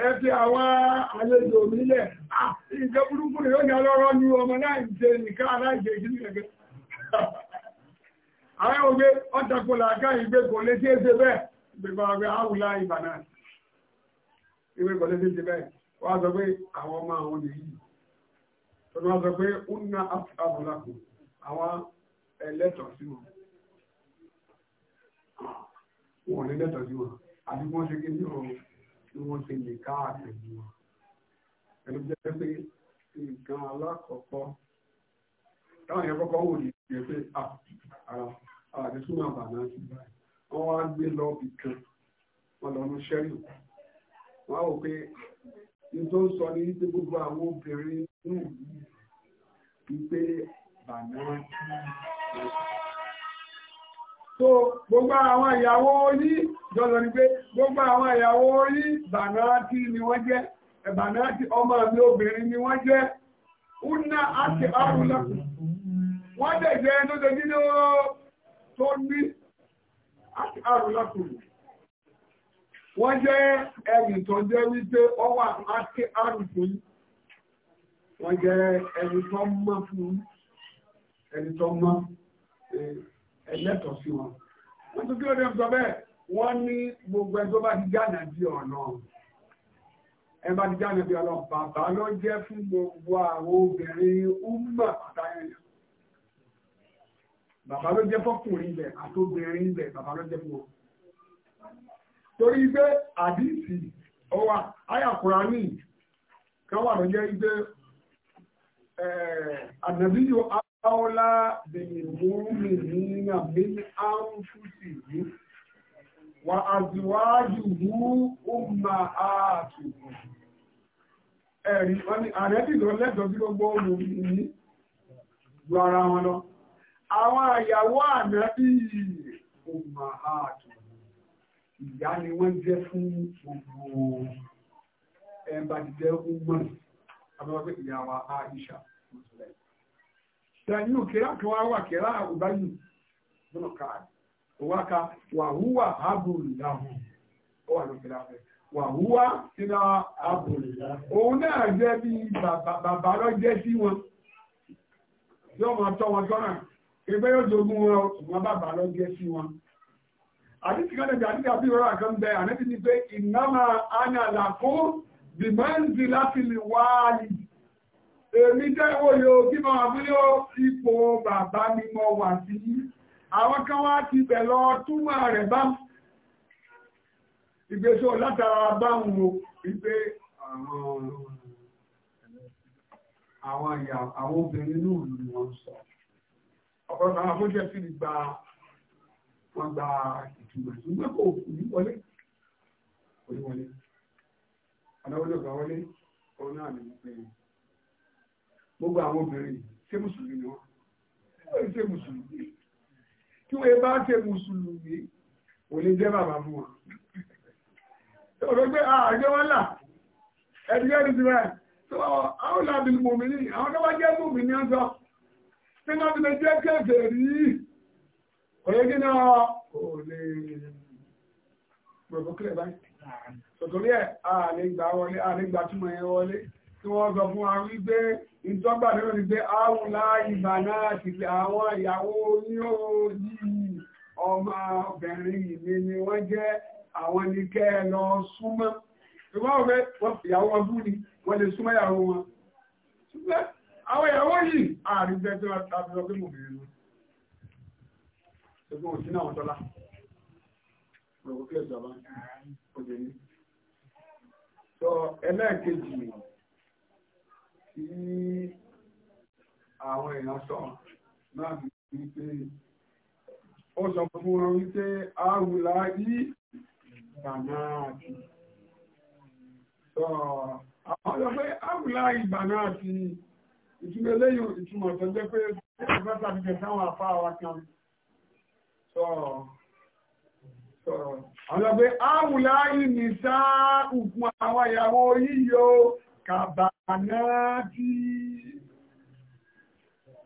ẹbí àwọn àlejò mílẹ̀ ìjẹ́ burúkú rẹ̀ yóò ní ọlọ́rọ̀ ní ọmọ náà jẹ nìkan aláìjẹ ìjìnlẹ̀ gẹ́gẹ́ àwọn ògbé ọ́tàkù làákà ìgbé kò lé sí ẹsẹ bẹ́ẹ̀ gbẹ̀gbẹ̀ ọgbẹ̀ áwùlá ìbànà ìgbé kò lé sí ẹsẹ bẹ́ẹ̀ wọ́n ní lẹ́tọ̀ sí wọn àbí wọ́n ṣe kí ní ọ̀rọ̀ kí wọ́n ṣe lè ká àtẹ̀jú wọn. ẹnu jẹ́ pé nǹkan alákọ̀ọ́kọ́ táwọn yẹn kọ́kọ́ wò ní ìgbẹ́ pé àdìsúnmọ̀ àbànà ti báyìí wọ́n wá gbé lọ ibì kan wọ́n lọ ní sẹ́yìn wọ́n á wò pé ní tó ń sọ ní wípé gbogbo àwọn obìnrin nù wípé bàná tó gbogbo àwọn ìyàwó yìí jọ́lọ ni pé gbogbo àwọn ìyàwó yí bànáàtì ni wọ́n jẹ́ ẹ̀bànáàtì ọmọ mi obìnrin ni wọ́n jẹ́ una àti àrùlá wọ́n dẹ̀ jẹ́ tó ṣe kí ni ó tó ní àti àrùlá kùrù wọ́n jẹ́ ẹni tó jẹ́ wípé ọwà àti àrùfún wọ́n jẹ́ ẹni tó mọ́ fún ẹni tó mọ́ eh, ẹlẹ́tọ̀ sí wọn wọ́n tún kí ó dẹ̀ sọ bẹ́ẹ̀ wọ́n ní gbogbo ẹ̀ tó bá ti jáde bí ọlọ́run ẹ bá ti jáde bí ọlọ́run bàbá ló jẹ́ fún gbogbo àwọn obìnrin umma àtàyẹ̀yẹ̀ bàbá ló jẹ́ fọ́kùnrin bẹ̀ àtòbìnrin bẹ̀ bàbá ló jẹ́ fún wọn torí pé àdìsí ọwà ayàkùnrà ní káwà ló jẹ́ pé ànàbíyò áwọ́lá mú mi ní àmì áńfùsì yìí wà àzíwájú mú ọmọ ààtùkù ẹ̀rí wọ́n ni àrẹ́bì lọ lẹ́tọ̀ọ́ sí gbogbo olùmí ju ara wọn lọ àwọn àyàwó àrẹ́bì ọmọ ààtùkù ìyá ni wọ́n jẹ́ fún gbogbo ẹ̀bà jẹ́ ọmọ àbẹ́wọ́pẹ́ ìyàwó Àìṣà tẹ̀yìn òkèrà kan wá wà kẹ́rà àwùbáyìn lọ́nà káàdì Waka wahuwa abùlùdáhùn ó wà lókè láfẹ́ wàhúwà sínú abùlùdáhùn òun náà jẹ́ bí bàbá lọ jẹ́ sí wọn yóò máa tọ́ wọn tọ́nà ẹgbẹ́ yóò jogún wọn ṣùgbọ́n bàbá lọ jẹ́ sí wọn àdìsí kan lẹ́bi àdìsí àbí ìrora kan bẹ ànẹ́bí ni pé ìnáma ányàlà fún bìmọ́ǹdì láti lè wáàlì èmi jẹ́ ìwòye òkè máa fún yóò ipò bàbá mi mọ wà sí yìí àwọn kan wá ti bẹ̀ lọ túmọ̀ rẹ̀ bá ìgbésò látara báhùn o wípé àwọn ìyà àwọn obìnrin ní òlù ni wọ́n sọ ọ̀pọ̀lọpọ̀ àwọn afọ́jẹ́ sí gba wọ́n gba ìtumọ̀ ìtumọ̀ kò ní wọlé kò ní wọlé ọ̀nàwọlé ọ̀gá wọlé òun náà ni wípé gbogbo àwọn obìnrin ṣé mùsùlùmí ni wọ́n ṣé mùsùlùmí tí wọ́n bá ṣe mùsùlùmí ò lè jẹ́ bàbá fún wọn. Ọ̀rọ̀ pé ah, ààrẹ wọn là ẹgbẹ́ Israel tó àwọn làbí mòmìnì àwọn tó wá jẹ́ mòmìnì ọ̀sọ̀ tí wọ́n fi lè jẹ́ kẹfẹ́ rí ọ̀yẹ́ kí ò lè provocate tí wọ́n sọ fún wa wípé ìjọba lérò ní pé àwọn láàyè bàná àti àwọn ìyàwó ní òòyì ọmọ obìnrin ìlé ni wọ́n jẹ́ àwọn ní kẹ́ ẹ lọ súnmọ́ ìwọ́n òwe ìyàwó wọn bú ni wọ́n lè súnmọ́ ìyàwó wọn ṣùgbọ́n àwọn ìyàwó yìí àrígbẹ́ tí wọ́n tàbí lọ pé mò ń bèrè lọ ṣùgbọ́n òsínà àwọn tọ́lá rògbòkè ìjọba òdè ní. sọ ẹlẹ́ẹ̀kejì tí àwọn èèyàn sọ náà wípé ó sọ fún wọn wípé àwùlá yí bànáàtì sọ àwọn sọ pé àwùlá yí bànáàtì ìtumọ̀ lẹ́yìn ìtumọ̀ tó jẹ́ pé ẹgbẹ́ tàbí kẹsàn-án àfa wa kan sọ sọ àwọn sọ pé àwùlá yí nìsá òkun àwọn ìyàwó yíyó. How kàbànáàdì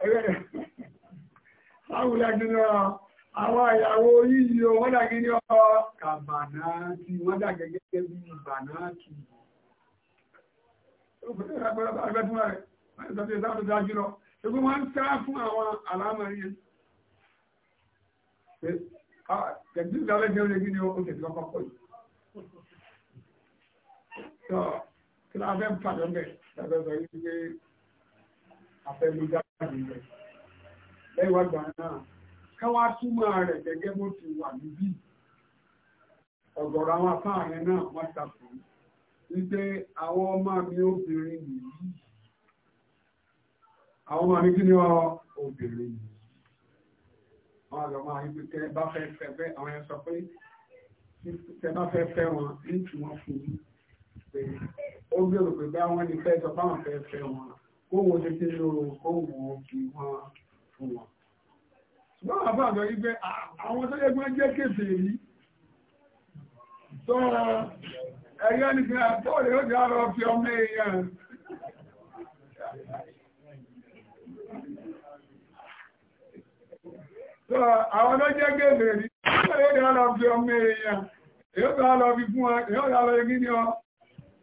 ẹgbẹ́ sáwùlágínà àwọn ìyàwó yìí o wọ́n dàgí ní ọ kàbànáàdì wọ́n dàgẹ́gẹ́ bí bànáàdì Ṣogbo wọ́n ń sá fún àwọn alámọ̀rí yẹn. Tẹ̀gbí ìgbàlẹ́gbẹ̀rẹ̀ gíní ó tẹ̀gbí ọkọ̀ pọ̀ yìí kí ló afẹ́ fà lọ́bẹ̀ lábẹ́ sọ yìí pé afẹ́ ló jáde lẹ̀ lẹ́yìn wá gbà náà káwá túmọ̀ rẹ̀ gẹ́gẹ́ bó ti wà níbí ọ̀gọ̀rọ̀ àwọn afáàrin náà wọ́n takò wípé àwọn ọmọ mi obìnrin nìyí àwọn ọmọ mi kí ni ọ obìnrin nìyí àwọn àgbàmọ́ àyíkú tẹ bá fẹ́ fẹ́ fẹ́ àwọn yẹn sọ pé tẹ bá fẹ́ fẹ́ wọn ní tí wọ́n fún yín pé ó gbèrò pé bá wọn ní fẹ́ sọ fáwọn fẹ́ fẹ́ wọn kó wọn ṣe ti lo kó wọn fi wọn fún wọn. ṣùgbọ́n àbá àgbà yìí pé àwọn tó yẹ kí wọ́n jẹ́ kéfì yìí tó ẹ̀yọ́ nìkan àtọ́ọ̀lẹ́ ó jẹ́ àrọ̀ fi ọmọ èèyàn So, àwọn ló jẹ́ gẹ́gẹ́ rí, ó lè lọ fi ọmọ èèyàn, èyí ó lọ fi fún ọ, èyí ó lọ fi gíní ọ,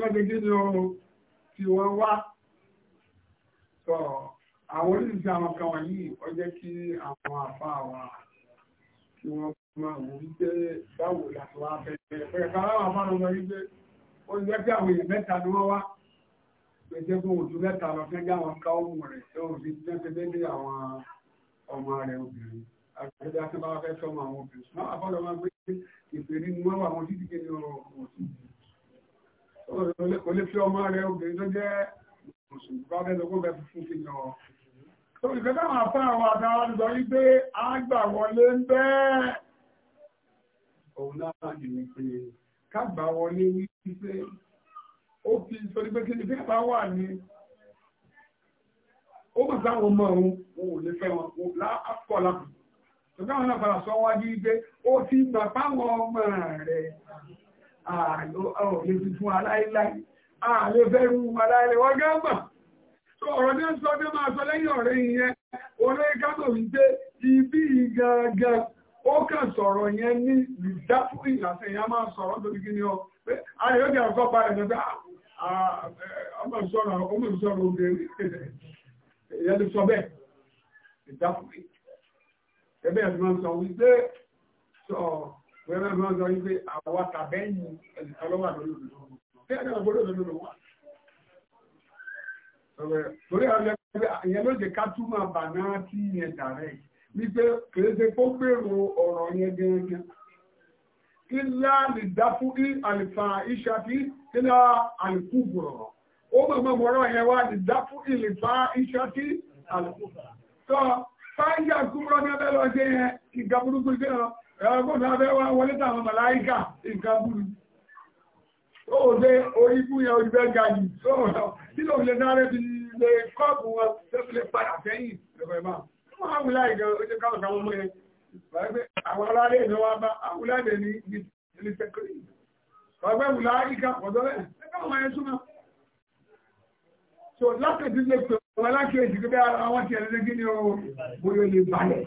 lọ́dẹ gíní o tí wọ́n wá sọ àwọn oríṣiríṣi àwọn kan wọ̀nyí ó jẹ́ kí àwọn àfa wa kí wọ́n máa wò wípé báwo láti wá bẹ̀rẹ̀ pẹ̀lú kan láwọn afá lọ́dọ̀ wípé ó jẹ́ kí àwọn èèyàn mẹ́ta ni wọ́n wá pé jẹ́ kó òjò mẹ́ta lọ fẹ́ gá àwọn ká ohun rẹ̀ tó ń fi jẹ́ pé dé àwọn ọmọ rẹ̀ obìnrin àgbẹ̀dẹ́ àti bá fẹ́ sọmọ àwọn obìnrin náà afọ́lọ́mọ pé ìpèrí ni wọ́n wà wọn títí kéde ọ̀rọ̀ òsì olèfẹ́ ọmọ rẹ̀ obìnrin tó jẹ́ mùsùlùmí bá bẹ́ẹ̀ lọ́gbọ́n bẹ́ẹ̀ fún kí lọ. tó ìfẹ́ táwọn afẹ́ àwọn àtàwọn àdúgbò yìí pé a gbà wọlé ń bẹ́ẹ̀. òun náà ní wípé ká gbà wọlé wípé ó fi sọdí pé kí ni bí bá wà ní. ó mọ̀ sáwọn ọmọ òun ò lè fẹ́ wọn láàpọ̀ lápò. tó káwọn náà padà sọ wájú wípé ó ti gbà fáwọn ọmọ rẹ̀. ààrẹ fífún aláìláì ààrẹ fẹ́rù aláìláì wọ́n gáàmà tó ọ̀rọ̀ ní ọ̀sọ́ ma máa sọ lẹ́yìn ọ̀rẹ́ ìyẹn olóyè gáàmà wípé ibi gangan ó kàn sọ̀rọ̀ yẹn ní ìdáfún ìlàsẹ̀ yẹn máa sọ̀rọ̀ tó ni ọ pé ààrẹ yóò jẹ́ ọ̀kọ́ parẹ̀ nígbà ah, ah, ọmọ ìsọ̀rọ̀ wẹ́rẹ́ bí wọ́n sọ wípé àwa tàbẹ́yìn ẹ̀sìnkà lọ́wọ́ àdó lòdì tí ẹ̀dá ọgbọ́dọ̀ lòdì lòdì wà. torí àwọn ẹgbẹ́ ìyẹn ló ṣe ká túmọ̀ bàná tí yẹn dàrẹ́ wípé kìí ṣe kó gbèrò ọ̀rọ̀ yẹn gẹ́gẹ́ ilá nìdáfú ní àlìfà ìṣàfi ilá àlìkúgbùrọ̀ ó mọ̀mọ́ mọ́rọ̀ yẹn wá nìdáfú ìlìfà ìṣàfi àlìkúgbùrọ̀ tó fáyà kúrọ̀ ní abẹ́lọ́ ṣe yẹn ìgbà ẹ̀rọ̀gbọ́n tó fẹ́ wá wọlé tàwọn màláíkà nǹkan búrú ó dé orí fún yẹn orí bẹ́ẹ̀ ga yìí tó rọ̀ nínú ilé sáré fi lè kọ́ọ̀bù wọn tó fi lè padà sẹ́yìn ẹ̀fẹ̀ máa wọ́n á wùlá ìgbà ó ṣe káwọn káwọn mọ́lẹ̀ àwọn aráalé ìlú wa bá àwùlá dẹ̀ ní ilé sẹ́kírì ẹ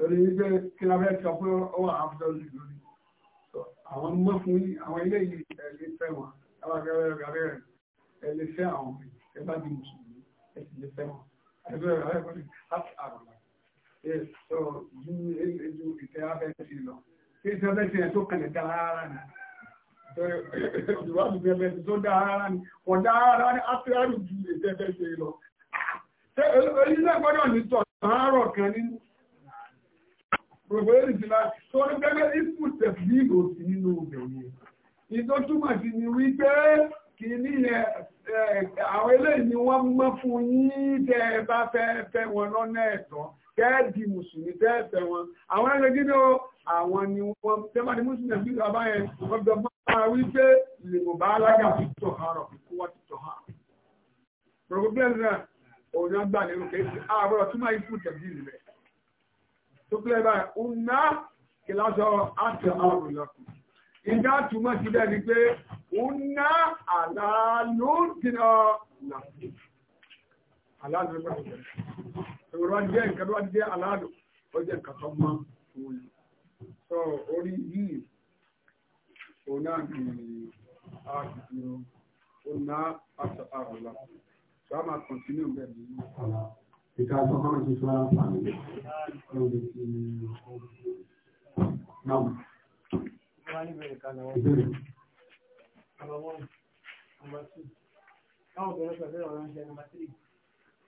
torí wípé kí la fẹ́ sọ pé ó wà áfíọ́lù lórí àwọn mọ́ fún yín àwọn ilé yìí ẹ̀lẹ́ fẹ́ wọn àwọn akẹ́rẹ́ rẹ̀ ẹ̀lẹ́ fẹ́ àwọn ẹ̀ bá di mùsùlùmí ẹ̀ sì lè fẹ́ wọn ẹgbẹ́ rẹ̀ ẹ̀kọ́ ní láti àrùlá ẹ̀ sọ ju e, e, ju ìtẹ́ abẹ́sí lọ kí ìtẹ́ abẹ́sí yẹn tó kẹlẹ̀ dá rárá ni ìwádìí bẹ́ẹ̀ bẹ́ẹ̀ tó dá rárá ni kò dá rárá ni áfíọ́lù ju ìtẹ́ abẹ́sí lọ. Ah! ṣé èyí náà gbọ́dọ̀ ní tọ̀ gbogbo èrè ti láti torí gẹ́gẹ́ ipò tẹ̀sí òsì nínú obìnrin ìtọ́ túmọ̀ sí ni wípé kì ní àwọn eléyìí ni wọ́n mọ́ fún yín tẹ́ ẹ bá fẹ́ fẹ́ wọn lọ́nà ẹ̀tọ́ tẹ́ẹ̀dì mùsùlùmí tẹ́ẹ̀fẹ́ wọn àwọn ẹgbẹ́ gídé o àwọn ni wọ́n tẹ́màdì mùsùlùmí àti ìlú àbáyẹ wọ́n gbọ́ máa wí pé lèmọ̀ bá alága fi tọ̀ àrọ̀ kó wọ́n ti tọ̀ hà. pọ̀rọ̀gbẹ́sẹ̀ òun náà gbà nínú kéèsì àbúrò túmọ̀ ikú tẹ̀sí rẹ̀ tó pẹ́ báyìí ó ná ìlàsọ àti àrùn lọ́kùn ìdá túmọ̀ síbẹ̀ ni pé ó ná àlàlóòdìnà làkùn aláàlú ló gbàgbọ́ ìwòrán wá jẹ́ nǹkan tó wá jẹ́ aláàlú ó jẹ́ nǹkan tó mọ́ òun yìí sọ orí yìí òun náà ní àgbègbè òun náà àti àrùn lọ́kùn tó a máa kọ̀ntínú bẹ́ẹ̀ ìka sọ fọ́nà tí sọ ara fà mí lórí ti náà. Ìbéèrè. Báwo bẹ̀rẹ̀ pẹ̀lú ọ̀rọ̀ ṣe nọmba tírì?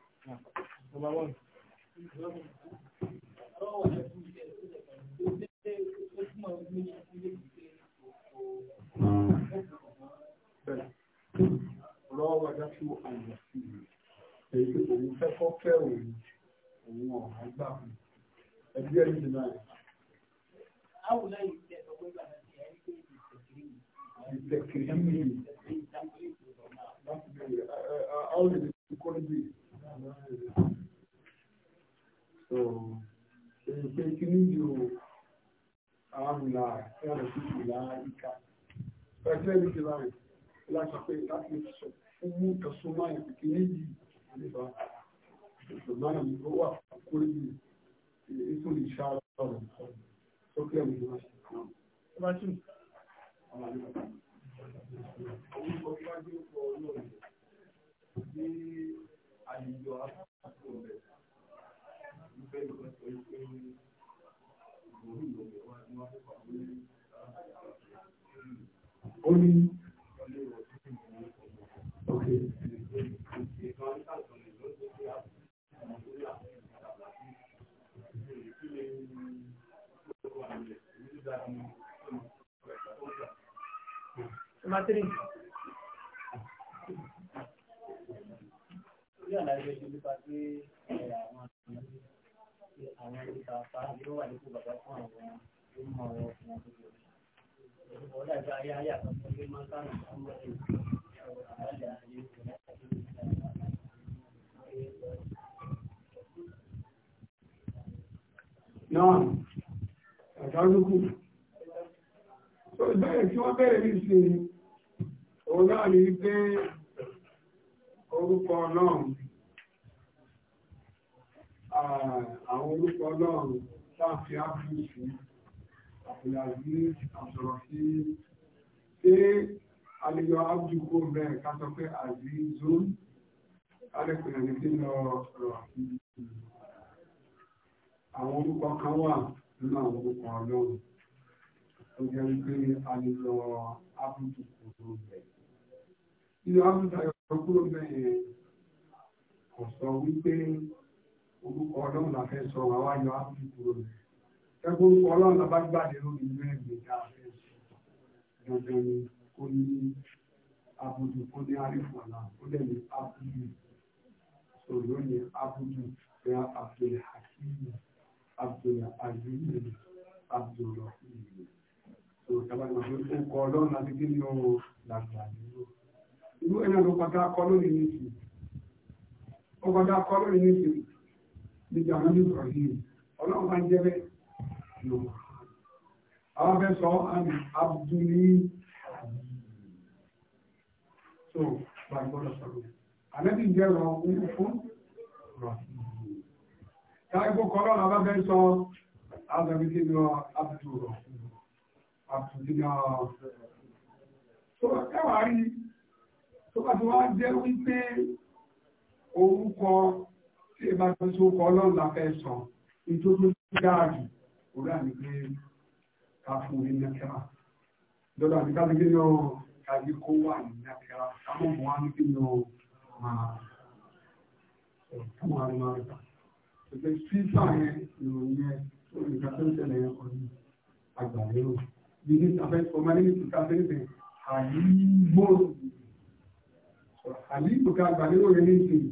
Nọmba wọ́n. Báwo bẹ̀rẹ̀ pẹ̀lú fẹ́ òun òun ọ̀hán gbà fún ẹbí eu, ti náà. Àwọn ọ̀la yìí jẹ́ ọgbẹ́ eu, ti ẹni pé ìtẹ̀kìrì. Ìtẹ̀kìrì yìí. Láti eu, àwọn èdè ti kọ́ níbi. So, ìtẹ̀kìrì eu, o, àwọn ọ̀la ẹ̀rọ ti fi là eu, Pẹ̀lú ẹni ti láì láti pé láti eu, fún mú kẹsùn máa ìpìkì méjì nípa não mudou a cor de. Eles são lixados Abdulaziz Abdulrafi ṣé àlejò Abdulkó bẹ́ẹ̀ ká sọ pé Azizu Adékùnrin ní kí lọ rọ̀ àwọn orúkọ kan wà nínú àwọn orúkọ ọlọ́run tó jẹ́ wípé àlejò Abdulkó bẹ́ẹ̀. Nínú Abdulkó kúrò bẹ́ẹ̀ kò sọ wípé orúkọ ọlọ́run la fẹ́ sọ àwáyọ Abdulkó bẹ́ẹ̀ ẹgbẹ́ orúkọ ọlọ́run lọ́ba gbàdé lórí ìlú ẹgbẹ́ tá a fẹ́ ṣe dandan ni kò ní abudu kò ní àrífọ̀ náà kò dẹ̀ ní abudu sọ̀rọ̀ ní abudu fẹ́ abdul hakim abdul aziz abdul rahim sọ̀rọ̀ tábà ní wọ́n fẹ́ kọ́ ọlọ́run àti kí ni ó làgbàdé lórí ìlú ẹ̀yà ló kọjá akọ lórí nìsí ó kọjá akọ lórí nìsí nígbà náà ní ìrọ̀lẹ́ ọlọ́run máa ń jẹ́ bẹ́ẹ̀ lò àwọn fẹ́ sọ àmì abdulí so gbàgbọ́dọ̀ sọ̀rọ̀ àlẹ́bí jẹ́ rọ ohun fún rọ̀ táìpó kọ́lọ́ làwọn fẹ́ sọ àbẹ̀mí ní ọ abdulrọ̀ abdulí ní ọ so ẹwà rí tó bá ti wá jẹ́ wípé orúkọ tí ìbá ọlọ́run la fẹ́ sọ ìtòkùn dáa orí àmìgbé ká fún ní nàkẹ́rà lọ́dọ̀ àti ká gbé yọ kájí kó wà ní nàkẹ́rà ká mọ̀ mọ́ àmì gbé yọ máa fún àmì máa rẹ̀ pẹ̀lú fífà yẹn ìròyìn yẹn tó ní ká tó ń tẹ̀lé yẹn kọ́ ní àgbàlérò bí ní abẹ́ ọmọ ní ní kíkà fẹ́ bẹ̀ àyígbó àyígbó ká àgbàlérò yẹn ní ìsìn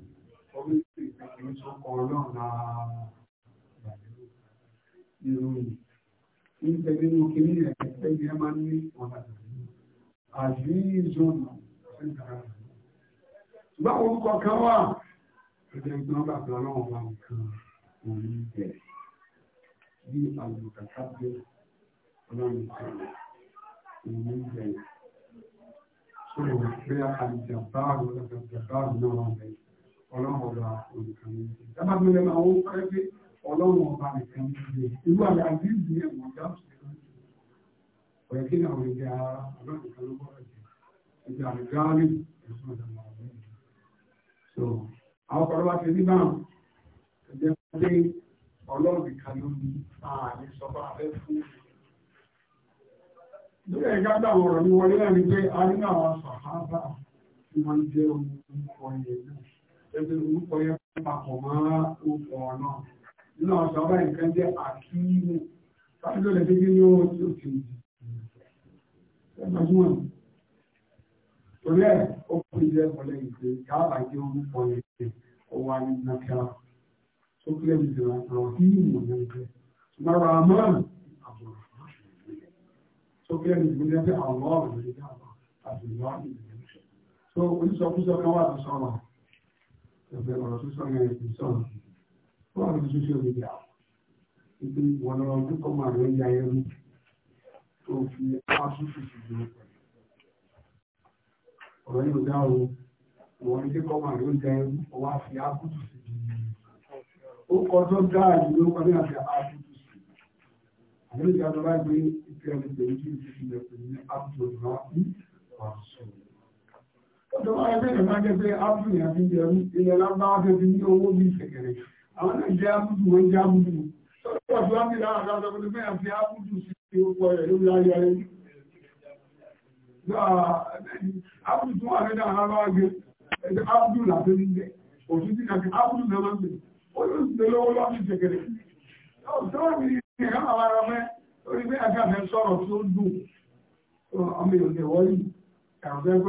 ọmọ ìsìn ìsìn ìsìn ìsìn ọlọ́run náà ìròyìn ní pẹ̀lú inú kìíní rẹ̀ pẹ̀lú ẹ máa ń ní ọ̀nà àzíìzọ́nà ṣùgbọ́n orúkọ kan wà ẹgbẹ́ ìgbọ́n bàbá ọlọ́run wà nǹkan òun bẹ̀ bí àlùkàtà bẹ̀ ọlọ́run kan òun bẹ̀ sọ̀rọ̀ pé àjàbáàrù àjàbáàrù náà wà bẹ̀ ọlọ́run ọba òun kan ní ìgbà. dábàá mi lẹ́nu àwọn ọkọ̀ ẹgbẹ́ ọlọ́run ọba nìkan ṣe irú àmì àbíyèsí ẹ̀wọ̀n dáhùn sí ẹ̀wọ̀n ọ̀yẹ́ kí ni àwọn ẹ̀jẹ̀ ara ọlọ́run kan ló gbọ́dọ̀ jẹ ẹ̀jẹ̀ àmì gáálì ẹ̀sùn ọ̀dàmọ̀ ọ̀rẹ́ so àwọn ọkọ̀ ọlọ́wà ti rí náà ẹ̀jẹ̀ pé ọlọ́run nìkan ló ní ààrẹ sọfà abẹ́ fún lórí ẹ̀ka gbà wọ̀rọ̀ ní wọlé náà ni pé a ní àwọn sàhábà tí wọ́n jẹ́ orúkọ yẹn náà ẹgbẹ́ orúkọ yẹn papọ̀ mọ́ orúkọ náà nínú àwọn sọ̀rọ̀ nǹkan jẹ́ àkíyínú káfíńtò lè dégbé ní owó tí ó ti ń jì ẹgbẹ́júmọ̀ torí ẹ̀ ó kú ilé ẹ̀kọ́ lẹ́yìn pé káàbà jẹ́ orúkọ yẹn ó wà ní nàkẹ́rà tó kílẹ̀ mi jìnnà àwọn tí ìmọ̀ náà jẹ́ ṣùgbọ́n àmọ́ àbúrò tó kílẹ̀ mi jìnnà pé àwọn ọ̀rọ̀ lè dá àbúrò àbúrò ìgbìyànjú so wọ́n àwọn social media ìpè ìwọ̀nà ọdún kan máa rẹ̀ ya ẹrú tó fi asúsù sí ìlú ọ̀rọ̀ yóò dá o ìwọ̀n ilé kan máa rẹ̀ ya ẹrú ọwọ́ àfi akútù sí ìlú ó kọ́ tó dáa jù ló kọ́ ní àfi akútù sí àwọn ìjà tó bá gbé ìpè ọdún pẹ̀lú tí ìlú fi lẹ̀ pẹ̀lú ní akútù ọdún wá sí wàásù ó tó bá ẹgbẹ́ ìrìnàjẹ́ pé áfíríkà fi jẹun ilẹ̀ lábáwá fẹ́ fi ní owó bí ìfẹ̀kẹ̀rẹ̀ jù àwọn náà jẹ́ ábùdù wọ́n jẹ́ ábùdù sọ́dọ̀ àbúrámì lára àgbà ọ̀gbọ̀n tó mẹ́rin fi ábùdù sí orúkọ rẹ̀ lórí ayé ayé ábùdù tó wà lẹ́dà ara gbé ábùdù làbẹ́ ní jẹ́ òtún sí kàkí ábùdù náà máa ń gbé ó ló ń gbé lọ́wọ́ lọ́wọ́ ní jẹ̀gẹ̀rẹ̀ sọ́dọ̀ mi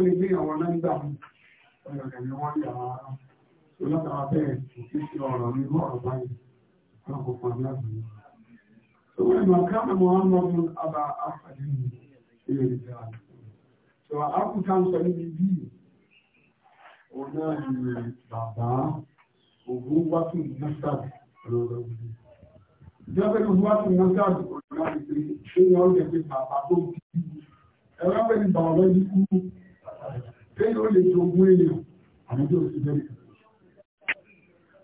ní ẹ̀ka látara bẹ́ẹ̀ kò sí ọ̀rọ̀ ní ọ̀rọ̀ báyìí alákọ̀ọ́kọ́ aláàbòyí. tó wọ́n ìmọ̀ káàmù wọn lọ mú abà áfàdé ní ilé ìjà tó àkùtà ń sọ níbi bí òun náà ní bàbá ògùn wá sí nàṣàbì lọ́rọ̀ òbí. ìjọba ògùn wá sí nàṣàbì òun náà ní pé ṣé ni wọ́n lè pe bàbá tó ń kí ẹ̀rọ bẹ́ẹ̀ ni bàbá lọ́ọ́ yí kú pé ó lè jogún èèyàn àmì tó ti bẹ́ẹ̀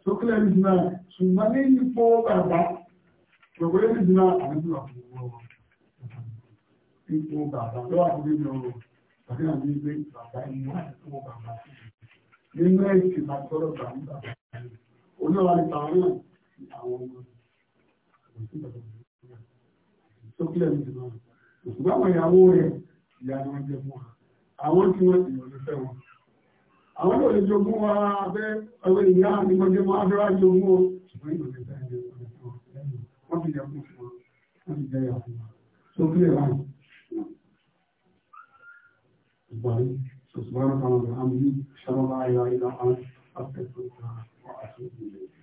tó kílẹ̀ ní jùlọ ṣùgbọ́n ní ipò bàbá gbogbo ní jùlọ àdúgbò àbúrò ipò bàbá tó wà nínú ọ̀rọ̀ tàbí àmì ìgbé bàbá ìwà ipò bàbá nínú èsì bá gbọ́dọ̀ gbà ní bàbá olóòwà ní tàwọn náà sí àwọn ọmọ tó kílẹ̀ ní jùlọ ṣùgbọ́n àwọn ìyàwó rẹ̀ ìyá ni wọ́n jẹ́ fún wa àwọn tí wọ́n ti àwọn yóò lè jogún wa abẹ́ ọwọ́ ìyá ní ọjọ́ máa fẹ́ wá jogún o ṣùgbọ́n yóò lè bẹ́ẹ̀ ní ọjọ́ wọ́n ti yẹkùn fún wọn wọ́n ti jẹ́ yàtọ̀ tó fi lè ráyìn. Ìgbàlú sọ̀tùmọ́ àwọn ọmọ àmì ṣọ́nà láàyè àìlà àwọn akẹ́kọ̀ọ́